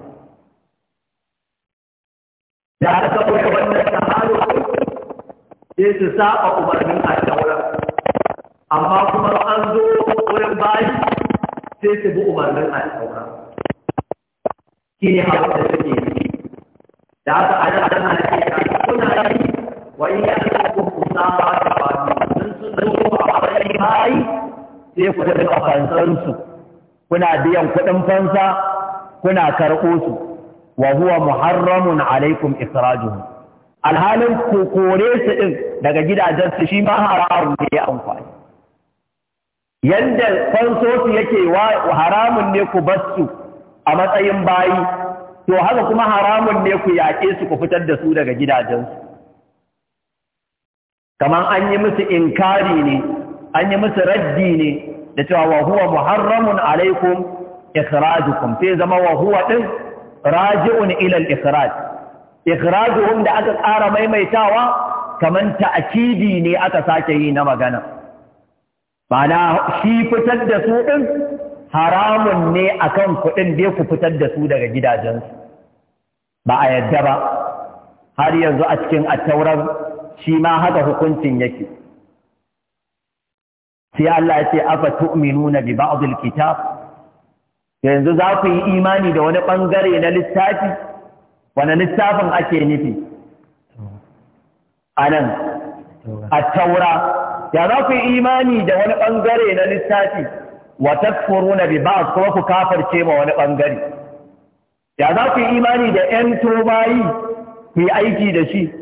Da haka kuma wannan ɗin sai su saba umarnin a shawara, amma kuma an zo wurin bayi sai su bi umarnin a shawara. shi hawa da suke yi da haka ana tana da ke kai kuna yi wa in ya ta ku kusa ba ta ba ni sun sun da zo a matsayin mai sai ku da ka fansan su kuna biyan kuɗin fansa kuna karɓo su wa huwa muharramun alaikum israjuhu alhalin ku kore su din daga gidajen su shi ma haramun ne ya amfani yanda fansosu yake wa haramun ne ku bar su a matsayin bayi to haka kuma haramun ne ku yaƙe su ku fitar da su daga gidajensu kamar an yi musu inkari ne an yi musu raddi ne da cewa wa huwa muharramun alaikum ikhrajukum sai zama wa huwa din raji'un ilal al-ikhraj ikhrajuhum da aka ƙara maimaitawa kamar ta'kidi ne aka sake yi na magana Ba na shi fitar da su ɗin? haramun ne a kan kuɗin dai ku fitar da su daga gidajensu ba a yadda ba har yanzu a cikin attaurar shi ma haka hukuncin yake sai Allah ya ce afa tu'minuna bi ba'dil kitab yanzu za ku yi imani da wani bangare na littafi wani littafin ake nufi anan a taura ya za ku yi imani da wani bangare na littafi wa bi ba'd kuma ku kafirce ma wani bangare ya za ku yi imani da ƴan tubayi ku yi aiki da shi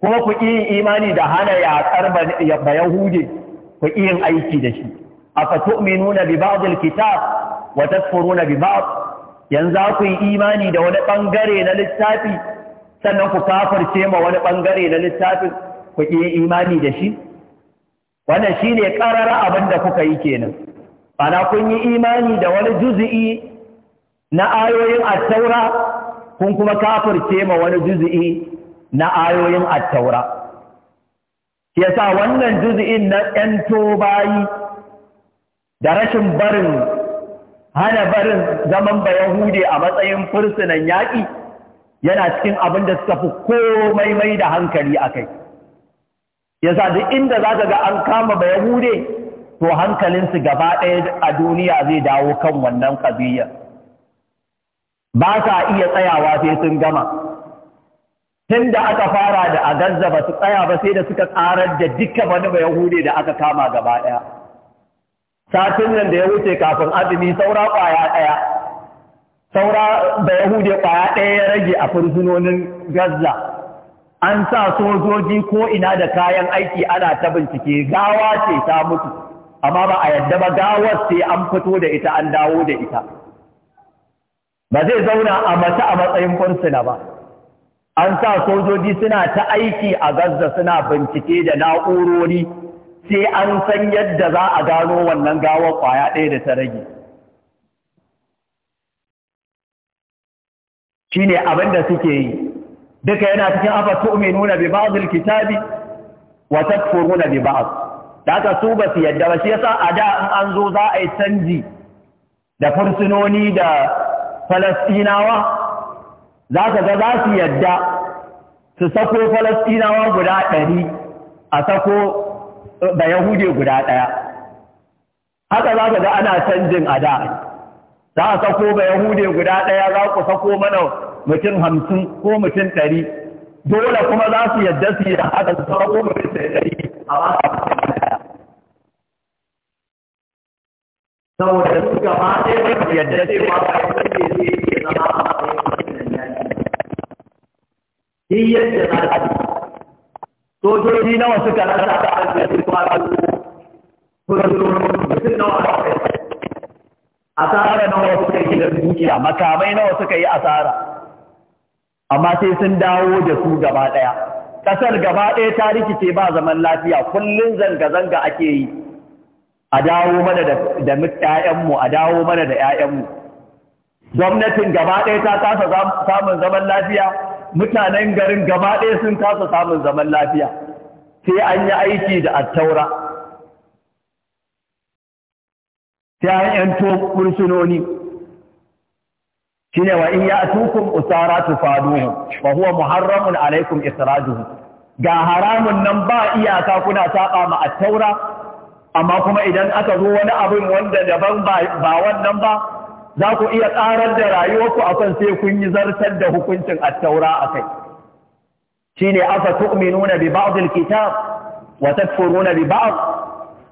kuma ku yi imani da hana yaƙar ba Yahudi ku yi yin aiki da shi aka tu'minuna bi ba'd al-kitab wa takfuruna bi ba'd yanzu za ku yi imani da wani bangare na littafi sannan ku kafirce ma wani bangare na littafin ku yi imani da shi wannan shine karara abin da kuka yi kenan ana kun yi imani da wani juzi'i na ayoyin attaura kun kuma kafirce ma wani juzi'i na ayoyin attaura yasa wannan juzi'in na ƴanto bayi da rashin barin hana barin zaman bayahude a matsayin fursunan yaƙi yana cikin abin da suka fi komai mai da hankali a kai yasa duk inda za ka ga an kama bayahude to hankalinsu gaba ɗaya a duniya zai dawo kan wannan ƙabiyar? ba sa iya tsayawa sai sun gama tun da aka fara da a gaza ba su tsaya ba sai da suka tsarar da duka wani mai yahudi da aka kama gaba ɗaya satin nan da ya wuce kafin azumi saura ƙwaya ɗaya saura da yahudi ƙwaya ɗaya ya rage a fursunonin gaza an sa sojoji ko ina da kayan aiki ana ta bincike gawa ce ta mutu amma ba a yadda ba gawar sai an fito da ita an dawo da ita ba zai zauna a mace a matsayin fursuna ba an sa sojoji suna ta aiki a gazza suna bincike da na'urori sai an san yadda za a gano wannan gawar kwaya ɗaya da ta rage shi ne abin da suke yi duka yana cikin afa tu'minuna bi ba'dil kitabi wa takfuruna bi ba'd da haka su ba su yadda ba shi yasa a da in an zo za a yi canji da fursunoni da falastinawa za ka ga za su yadda su sako falastinawa guda ɗari a sako da eh, yahudi guda ɗaya haka za ka ga ana canjin a da za a sako ba yahudi guda ɗaya za ku sako mana mutum hamsin ko mutum ɗari dole kuma za su yadda su yi da haka su sako mutum ɗari a saboda su ba ɗaya ba su yadda cewa ba su ke zai ke zama a matsayin wannan yaki shi yadda za su sojoji nawa suka rasa ta arziki kuma su kusururu mutum nawa a kai asara nawa suka yi gidan duniya makamai nawa suka yi asara amma sai sun dawo da su gaba ɗaya ƙasar gaba ɗaya ta rikice ba zaman lafiya kullum zanga-zanga ake yi a dawo mana da ƴaƴanmu a dawo mana da ƴaƴanmu gwamnatin gaba ɗaya ta kasa samun zaman lafiya mutanen garin gaba ɗaya sun kasa samun zaman lafiya sai an yi aiki da attaura sai an yanto kursunoni shine wa in ya tukun usara tufaduhum wa huwa muharramun alaikum israjuhum ga haramun nan ba iyaka kuna saba ma attaura amma kuma idan aka zo wani abin wanda daban ba wannan ba za ku iya tsarar da rayuwarku a kan sai kun yi zartar da hukuncin attaura a kai shi ne aka tu'minuna bi ba'dil kitab wa takfuruna bi ba'd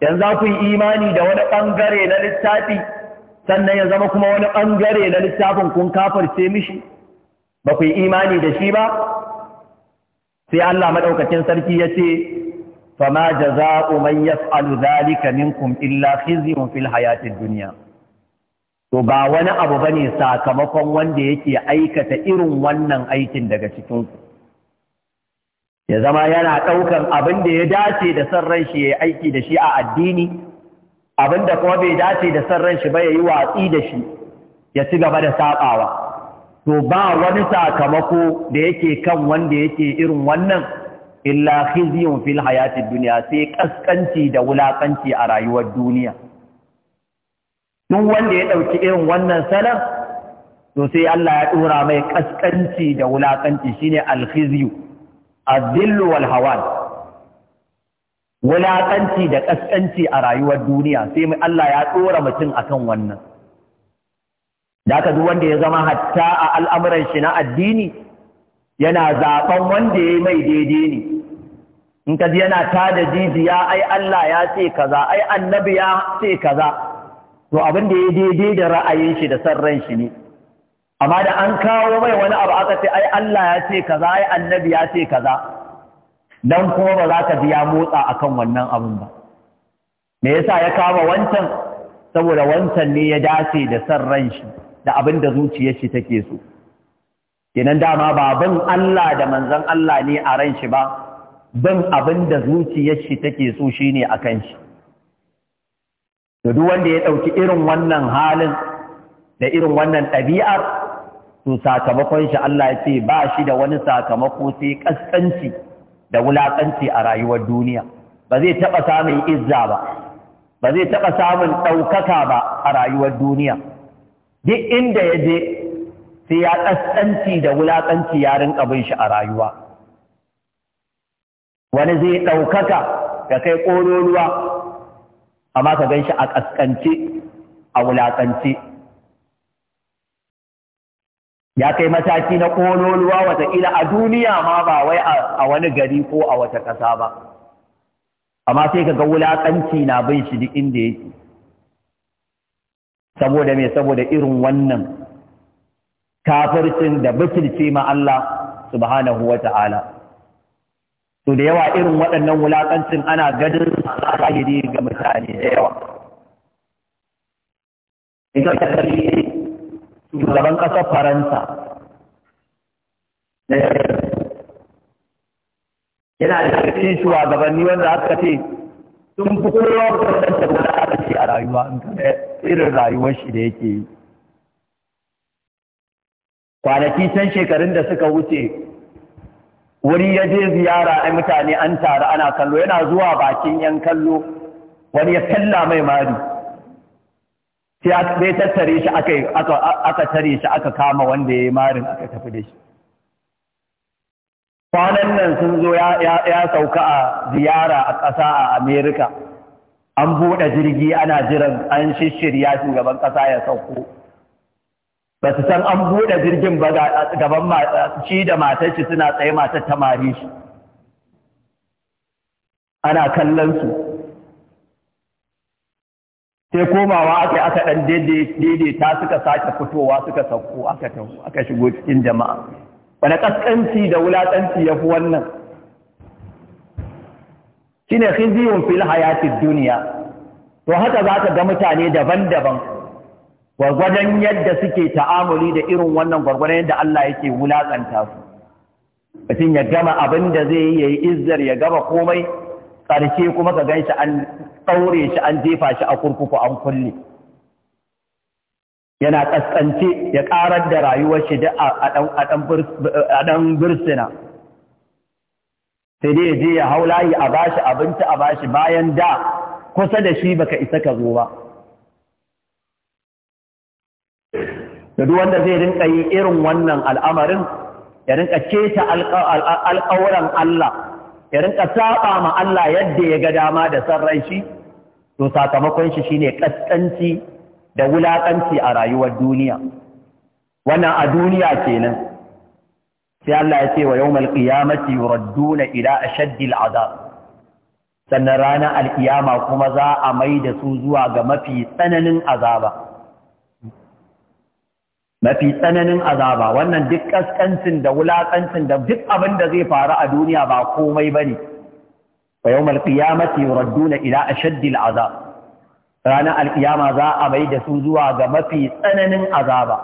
yanzu za ku yi imani da wani bangare na littafi sannan ya zama kuma wani bangare na littafin kun kafirce mishi ba ku yi imani da shi ba sai Allah maɗaukacin sarki ya ce فما جزاء من يفعل ذلك منكم إلا خزي في الحياة الدنيا to ba wani abu bane sakamakon wanda yake aikata irin wannan aikin daga cikin ya zama yana ɗaukan abin da ya dace da san shi ya aiki da shi a addini abin da kuma bai dace da san ran shi ba ya yi watsi da shi ya ci gaba da sabawa to ba wani sakamako da yake kan wanda yake irin wannan illa khizyun fil hayatid dunya sai kaskanci da wulakanci a rayuwar duniya duk wanda ya dauki irin wannan sanar, to sai Allah ya dora mai kaskanci da wulakanci shine al khizyu adillu wal hawan wulakanci da kaskanci a rayuwar duniya sai Allah ya dora mutum akan wannan da haka duk wanda ya zama hatta a al'amuran shi na addini yana zaɓen wanda ya mai daidai ne in ka ji yana tada jijiya ai Allah ya ce kaza ai annabi ya ce kaza to abin da ya daidai da ra'ayin shi da san ran shi ne amma da an kawo mai wani abu aka ce ai Allah ya ce kaza ai annabi ya ce kaza Don kuma ba za ka ji ya motsa akan wannan abin ba me yasa ya kama wancan saboda wancan ne ya dace da san ran shi da abin da zuciyar shi take so kenan dama ba bin Allah da manzon Allah ne a ran shi ba bin abin da zuciyar shi take so shine kan shi to duk wanda ya dauki irin wannan halin da irin wannan ɗabi'ar to sakamakon shi Allah ya ce ba shi da wani sakamako sai kaskanci da wulakanci a rayuwar duniya ba zai taɓa samun izza ba ba zai taɓa samun ɗaukaka ba a rayuwar duniya duk inda ya je sai ya ƙasƙanci da wulaƙanci ya rinka bin shi a rayuwa wani zai ɗaukaka ka kai ƙololuwa amma ka gan shi a ƙasƙance a wulaƙance ya kai mataki na wata wataƙila a duniya ma ba wai a wani gari ko a wata ƙasa ba amma sai ka ga wulaƙanci na bin shi duk inda yake saboda me saboda irin wannan kafircin da bakirce ma Allah subhanahu wa ta'ala to da yawa irin waɗannan wulaƙancin ana gadin zahiri ga mutane da yawa idan ka kalli shugaban ƙasar faransa yana da cikin shugabanni wanda aka ce sun fi kowa kwatanta wulaƙanci a rayuwa irin rayuwar shi da yake yi kwanaki can shekarun da suka wuce wuri ya je ziyara a mutane an taru ana kallo yana zuwa bakin yan kallo wani ya talla mai mari sai bai tattare shi aka tare shi aka kama wanda ya yi marin aka tafi da shi kwanan nan sun zo ya sauka a ziyara a ƙasa a amerika an buɗe jirgi ana jiran an shishirya shugaban ƙasa ya sauko ba su san an buɗe jirgin ba gaban shi da matar shi suna tsaye matar ta shi ana kallon su sai komawa aka aka ɗan daidaita suka sake fitowa suka sauko aka shigo cikin jama'a wani ƙasƙanci da wulaƙanci ya fi wannan shi ne khiziyun fil hayatid duniya to haka za ka ga mutane daban-daban gwargwadon yadda suke ta'amuli da irin wannan gwargwadon yadda Allah yake wulaƙanta su mutum ya gama abin da zai yi ya yi izzar ya gama komai ƙarshe kuma ka gan shi an ɗaure shi an jefa shi a kurkuku an kulle yana ƙasƙance ya ƙarar da rayuwar shi da a ɗan birsina sai dai ya je ya hau layi a bashi abinci a bashi bayan da kusa da shi baka isa ka zo ba da duk wanda zai rinka yi irin wannan al'amarin ya rinka keta alƙawuran Allah ya rinka saba ma Allah yadda ya ga dama da sarrai shi to sakamakon shi shine kaskanci da wulakanci a rayuwar duniya wannan a duniya kenan sai Allah ya ce wa yawmal qiyamati yuradduna ila ashaddil azab sannan ranar alkiyama kuma za a mai da su zuwa ga mafi tsananin azaba mafi tsananin azaba wannan duk kaskancin da wulakancin da duk abin da zai faru a duniya ba komai ba ne. yawmal qiyamati yuradduna ila ashaddil azab ranar alkiyama za a bai da su zuwa ga mafi tsananin azaba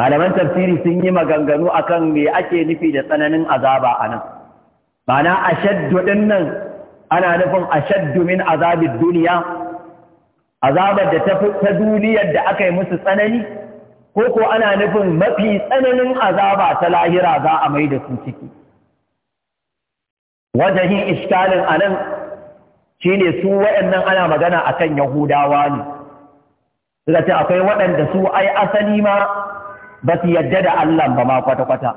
malaman tafsiri sun yi maganganu akan me ake nufi da tsananin azaba anan ma'ana ashaddu din nan ana nufin ashaddu min azabin duniya azabar da ta duniyar da aka yi musu tsanani ko ko ana nufin mafi tsananin azaba ta lahira za a mai da su ciki Wajen iskalin a nan shi ne su waɗannan ana magana a kan yahudawa ne suka ce akwai waɗanda su ai asali ma ba su yadda da allah ba ma kwata-kwata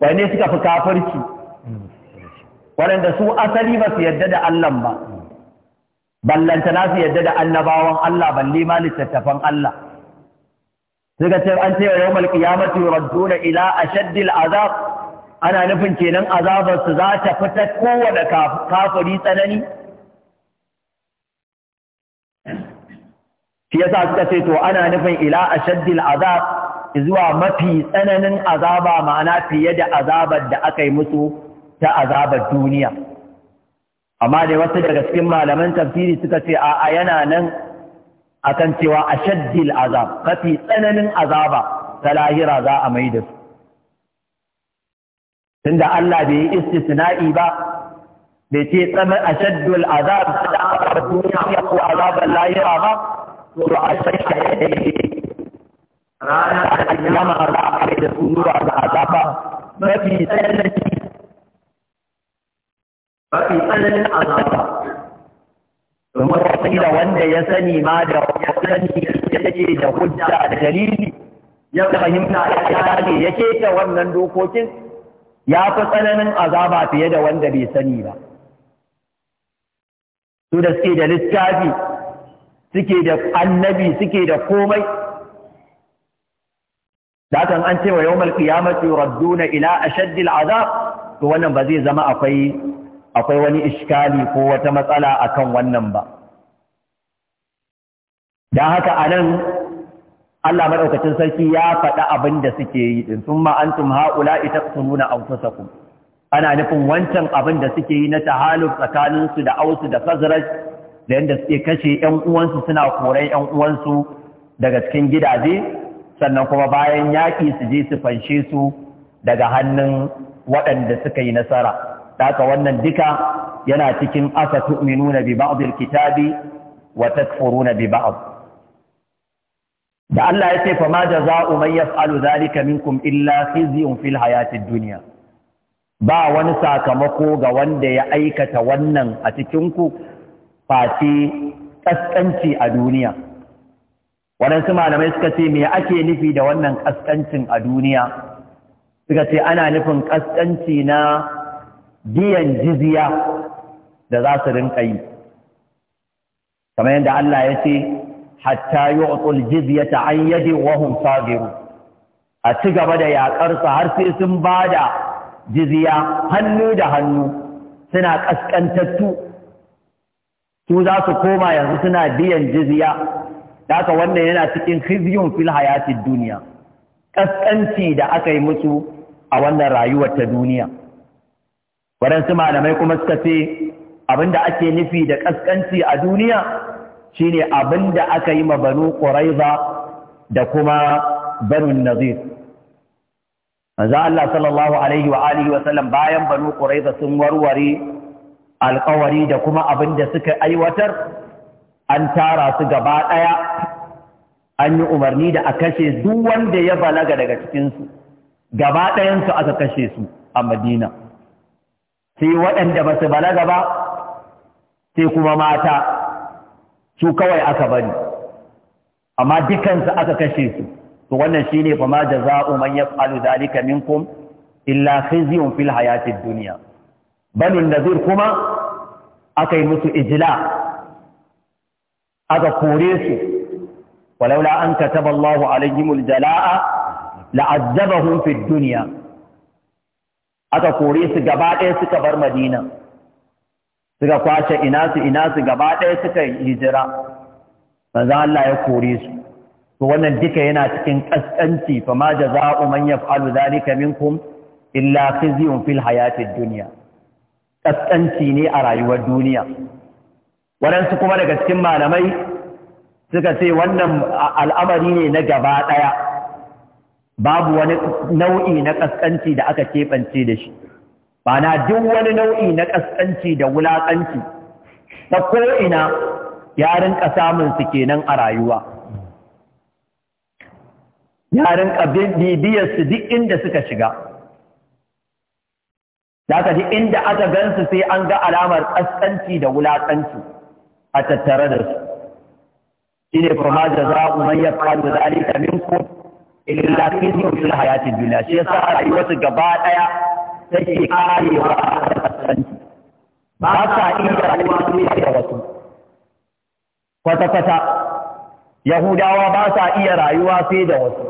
wane suka fi kafirci hmm. waɗanda su asali ba su yadda da allah ba ballanta na su yadda da annabawan Allah balle ma littattafan Allah sai ga cewa an ce yau mal qiyamati yuradduna ila ashaddi al'azab ana nufin kenan azabar su za ta fita kowane kafiri tsanani shi yasa suka ce to ana nufin ila ashaddi al'azab zuwa mafi tsananin azaba ma'ana fiye da azabar da aka yi musu ta azabar duniya amma dai wasu daga cikin malaman tafsiri suka ce a yana nan akan cewa ashaddil azab kafi tsananin azaba ta lahira za a mai da su tunda Allah bai yi istisna'i ba bai ce tsamin ashaddul azab da azabar duniya ya ko azabar lahira ba to a shaddil ranar da za a mai da su zuwa ga azaba mafi tsananin mafi tsananin azaba kila wanda ya sani ma da ya sani da hujja da dalili ya fahimta ya ne ya keta wannan dokokin ya fi tsananin azaba fiye da wanda bai sani ba su da suke da littafi suke da annabi suke da komai Dakan an ce wa yawmal qiyamati yuradduna ila ashaddil azab to wannan ba zai zama akwai akwai wani iskali ko wata matsala akan wannan ba don haka a nan Allah maɗaukacin sarki ya faɗa abin da suke yi ɗin sun ma'antum ha'ula ita su nuna ana nufin wancan abin da suke yi na tahaluf tsakaninsu da ausu da khazraj da yadda suke kashe ‘yan uwansu suna koran ‘yan uwansu daga cikin gidaje sannan kuma bayan yaƙi su je su fanshe su daga hannun waɗanda suka yi nasara haka wannan duka yana cikin asa tu'minuna bi ba'd kitabi wa takfuruna bi da Allah ya ce fa ma jaza'u man yaf'alu dhalika minkum illa khizyun fil hayatid duniya. ba wani sakamako ga wanda ya aikata wannan a cikin ku face kaskanci a duniya waɗansu malamai suka ce me ake nufi da wannan kaskancin a duniya suka ce ana nufin kaskanci na biyan jizya da za su rinka yi kamar yadda Allah ya ce hatta yu'tul jizyata an yadi wa hum sabiru a ci gaba da yaƙarsa har sai sun bada jizya hannu da hannu suna kaskantattu su za su koma yanzu suna biyan jizya haka wannan yana cikin khizyun fil hayatid duniya kaskanci da aka yi musu a wannan rayuwar ta duniya waɗansu malamai kuma suka ce abinda ake nufi da ƙasƙanci a duniya shine abinda aka yi ma banu ƙuraiza da kuma banu nazir manzo Allah sallallahu alaihi wa alihi bayan banu ƙuraiza sun warware alƙawari da kuma abinda suka aiwatar an tara su gaba ɗaya an yi umarni da a kashe duk wanda ya balaga daga cikinsu gaba ɗayansu aka kashe su a madina sai waɗanda ba su balaga ba sai kuma mata su kawai aka bari amma dukansu aka kashe su to wannan shine fama da jaza'u man yaf'alu dhalika minkum illa khizyun fil hayatid dunya banu nadhir kuma yi musu ijla aka kore su walaula an kataballahu Allahu alaihimul jalaa la'azzabahum fid dunya aka kore su gaba ɗaya suka bar madina suka kwace ina su ina su gaba ɗaya suka hijira manzon Allah ya kore su to wannan duka yana cikin kaskanci fa ma jazaa'u man yaf'alu dhalika minkum illa khizyun fil hayatid dunya kaskanci ne a rayuwar duniya waɗansu kuma daga cikin malamai suka ce wannan al'amari ne na gaba ɗaya babu wani nau'i na kaskanci da aka keɓance da shi bana duk wani nau'i na kaskanci da wulaƙanci ta ko'ina ya rinka su kenan a rayuwa ya rinka duk inda suka shiga Zaka duk inda aka gansu sai an ga alamar kaskanci da wulaƙanci a tattare da su. Shi ne kuma da za a umayyar faru da minkum illa fi fil hayati dunya shi rayuwar su gaba daya take karewa a kasance ba sa iya rayuwa duniya da wasu kwata-kwata yahudawa ba sa iya rayuwa sai da wasu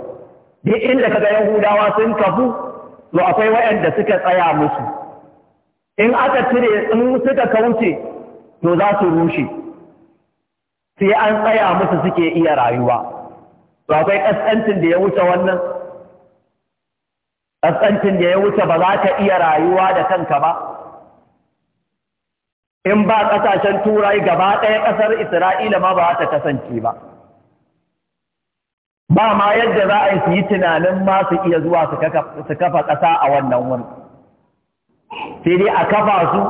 duk inda kaga yahudawa sun kafu to akwai waɗanda suka tsaya musu in aka cire in suka kauce to za su rushe sai an tsaya musu suke iya rayuwa to akwai ƙasƙancin da ya wuce wannan ƙasƙancin da ya wuce ba za ka iya rayuwa da kanka ba in ba ƙasashen turai gaba ɗaya ƙasar isra'ila ma ba ta kasance ba ba ma yadda za a yi su yi tunanin ma su iya zuwa su kafa ƙasa a wannan wurin sai dai a kafa su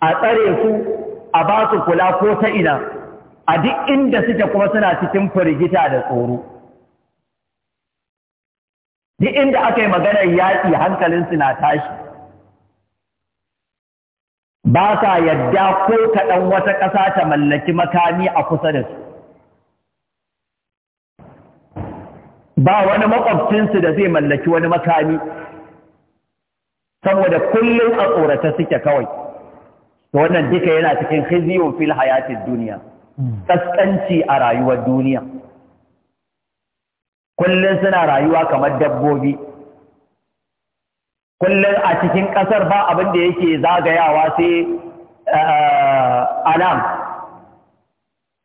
a tsare su a ba su kula ko ta ina a duk inda suke kuma suna cikin firgita da tsoro duk inda aka yi maganar yaƙi hankalinsu na tashi ba sa yadda ko kaɗan wata ƙasa ta mallaki makami a kusa da su ba wani makwabcinsu da zai mallaki wani makami saboda kullum a tsorata suke kawai wannan duka yana cikin khizyun fil duniya Ƙasƙanci a rayuwar duniya kullum suna rayuwa kamar dabbobi kullum a cikin ƙasar ba abin da yake zagayawa sai eh, alam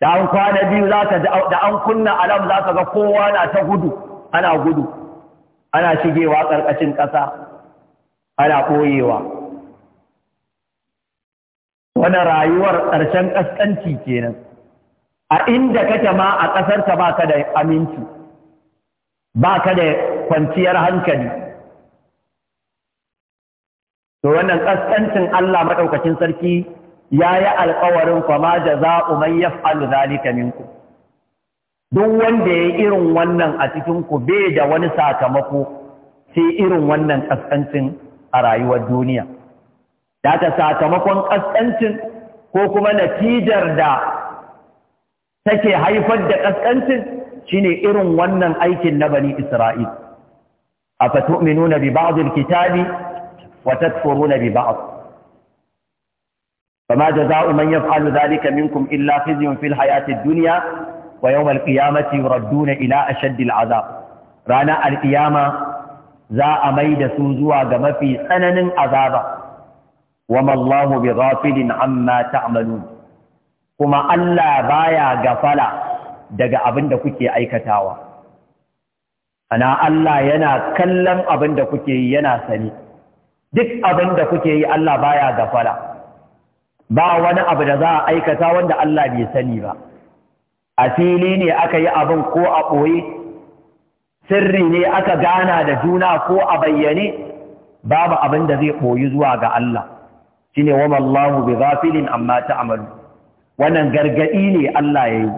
da an kwana biyu za da an kunna alam za ka ga kowa na ta gudu ana gudu ana shigewa ƙarƙashin ƙasa ana ɓoyewa wani rayuwar ƙarshen ƙasƙanci kenan a inda kake ma a ƙasarka ba ka da aminci ba ka da kwanciyar hankali to wannan ƙasƙancin Allah maɗaukacin sarki ya yi alƙawarin fama da za'u ya yaf'alu zalika minku duk wanda ya yi irin wannan a cikinku bai da wani sakamako sai irin wannan ƙasƙancin a rayuwar duniya. Da ta sakamakon ƙasƙancin ko kuma natijar da take haifar da kaskancin shine irin wannan aikin na bani Isra'il afatu'minuna bi ba'd al-kitabi wa tadfuruna bi ba'd fama jazaa'u man yaf'alu dhalika minkum illa khizyun fil hayatid ad-dunya wa yawm al-qiyamati yuradduna ila ashaddi al-'adab rana al-qiyama za a maida su zuwa ga mafi tsananin azaba wa ma Allahu bi ghafilin amma ta'malun kuma Allah baya gafala daga abin da kuke aikatawa ana Allah yana kallon abin da kuke yi yana sani duk abin da kuke yi Allah baya gafala ba wani abu da za a aikata wanda Allah bai sani ba a fili ne aka yi abin ko a ɓoye sirri ne aka gana da juna ko a bayyane babu abin da zai ɓoyi zuwa ga Allah shine wa mallahu bi ghafilin amma ta'malu wannan gargaɗi ne Allah ya yi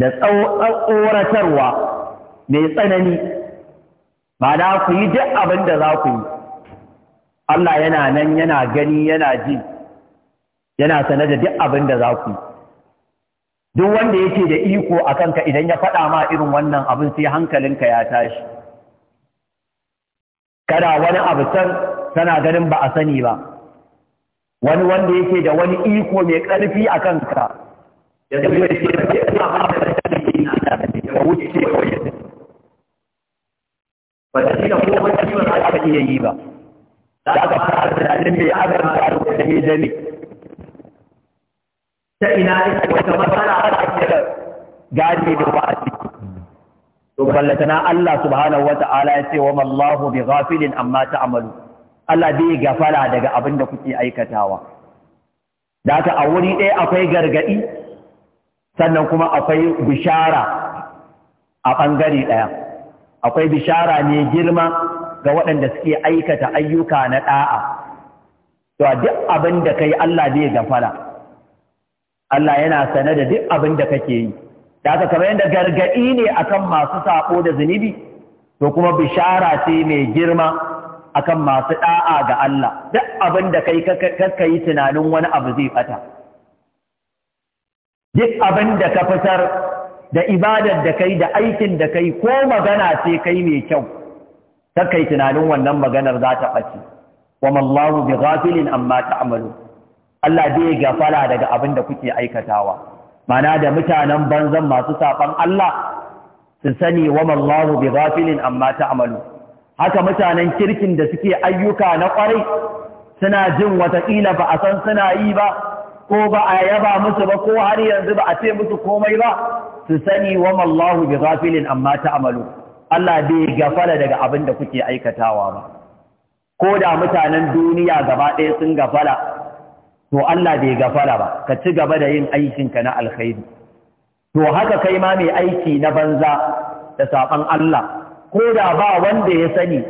da tsoratarwa mai tsanani Ba ma'ana ku yi duk abin da za ku yi Allah yana nan yana gani yana ji yana sanar da duk abin da za ku yi duk wanda yake da iko a kanka idan ya faɗa ma irin wannan abin sai hankalinka ya tashi kada wani abu san sana ganin ba a sani ba wani wanda yake da wani iko mai ƙarfi a kanka ya zai ce ba a haɗa da ba ta ko iya yi ba fara ta ina ita wata matsala a cikin gane da ba a ciki to Allah subhanahu wa ta'ala ya ce wa mallahu bi ghafilin amma amalu. Allah bai gafara daga abin da kuke aikatawa da a wuri ɗaya akwai gargaɗi sannan kuma akwai bishara a ɓangare ɗaya akwai bishara ne girma ga waɗanda suke aikata ayyuka na ɗa'a to duk abin da yi Allah bai gafara Allah yana sane da duk abin da kake yi da kamar yadda gargaɗi ne akan masu saɓo da zunubi to kuma bishara ce mai girma akan masu da'a ga Allah duk abin da kai ka yi tunanin wani abu zai fata duk abin da ka fitar da ibadar da kai da aikin da kai ko magana ce kai mai kyau ka kai tunanin wannan maganar za ta ɓace wa mallahu bi ghafilin amma ta'malu Allah bai gafara daga abin da kuke aikatawa mana da mutanen banzan masu saban Allah su sani wa mallahu bi ghafilin amma ta'malu haka mutanen kirkin da suke ayyuka na ƙwarai suna jin wataƙila ba a san suna yi ba ko ba a yaba musu ba ko har yanzu ba a ce musu komai ba su sani wa mallahu bi ghafilin amma ta'malu Allah bai gafala daga abin da kuke aikatawa ba ko da mutanen duniya gaba ɗaya sun gafala to Allah bai gafala ba ka ci gaba da yin aikinka na alkhairi to haka kai ma mai aiki na banza da saban Allah ko da ba wanda ya sani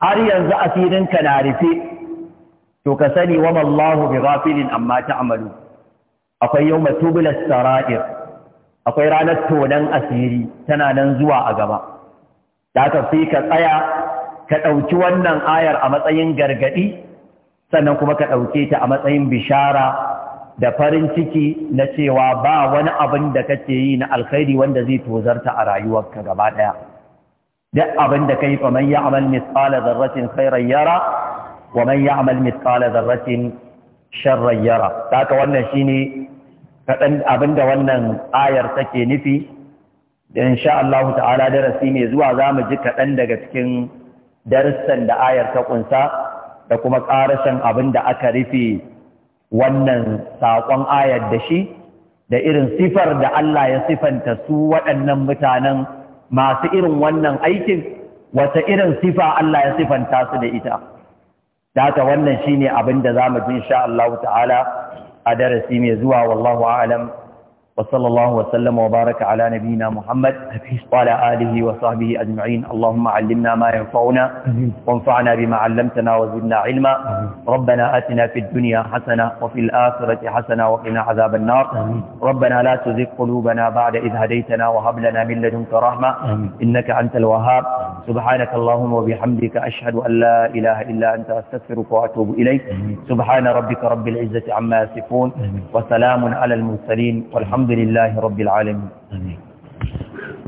har yanzu ka na rufe to ka sani wa mallahu bi ghafilin amma ta'malu akwai yawma tubla sarair akwai ranar tonan asiri tana nan zuwa a gaba da ka sai ka tsaya ka dauki wannan ayar a matsayin gargadi sannan kuma ka dauke ta a matsayin bishara da farin ciki na cewa ba wani abin da kake yi na alkhairi wanda zai tozarta a rayuwarka gaba daya duk abin da kai fa man ya'mal mithqala dharratin khairan yara wa man ya'mal mithqala dharratin sharran yara haka wannan shine kadan Abinda wannan ayar take nufi insha Allah ta'ala darasi ne zuwa zamu ji kadan daga cikin darussan da ayar ta kunsa da kuma karashin abinda aka rufe wannan saƙon ayar da shi da irin sifar da Allah ya sifanta su waɗannan mutanen masu irin wannan aikin wata irin sifa Allah ya sifanta su da ita data wannan shine abin da zamu mu insha Allah ta'ala a darasi mai zuwa wallahu a'lam وصلى الله وسلم وبارك على نبينا محمد وعلى آله وصحبه أجمعين اللهم علمنا ما ينفعنا وانفعنا بما علمتنا وزدنا علما ربنا آتنا في الدنيا حسنة وفي الآخرة حسنة وقنا عذاب النار ربنا لا تزغ قلوبنا بعد إذ هديتنا وهب لنا من لدنك رحمة إنك أنت الوهاب سبحانك اللهم وبحمدك أشهد أن لا إله إلا أنت أستغفرك وأتوب إليك سبحان ربك رب العزة عما يصفون وسلام على المرسلين والحمد والحمد لله رب العالمين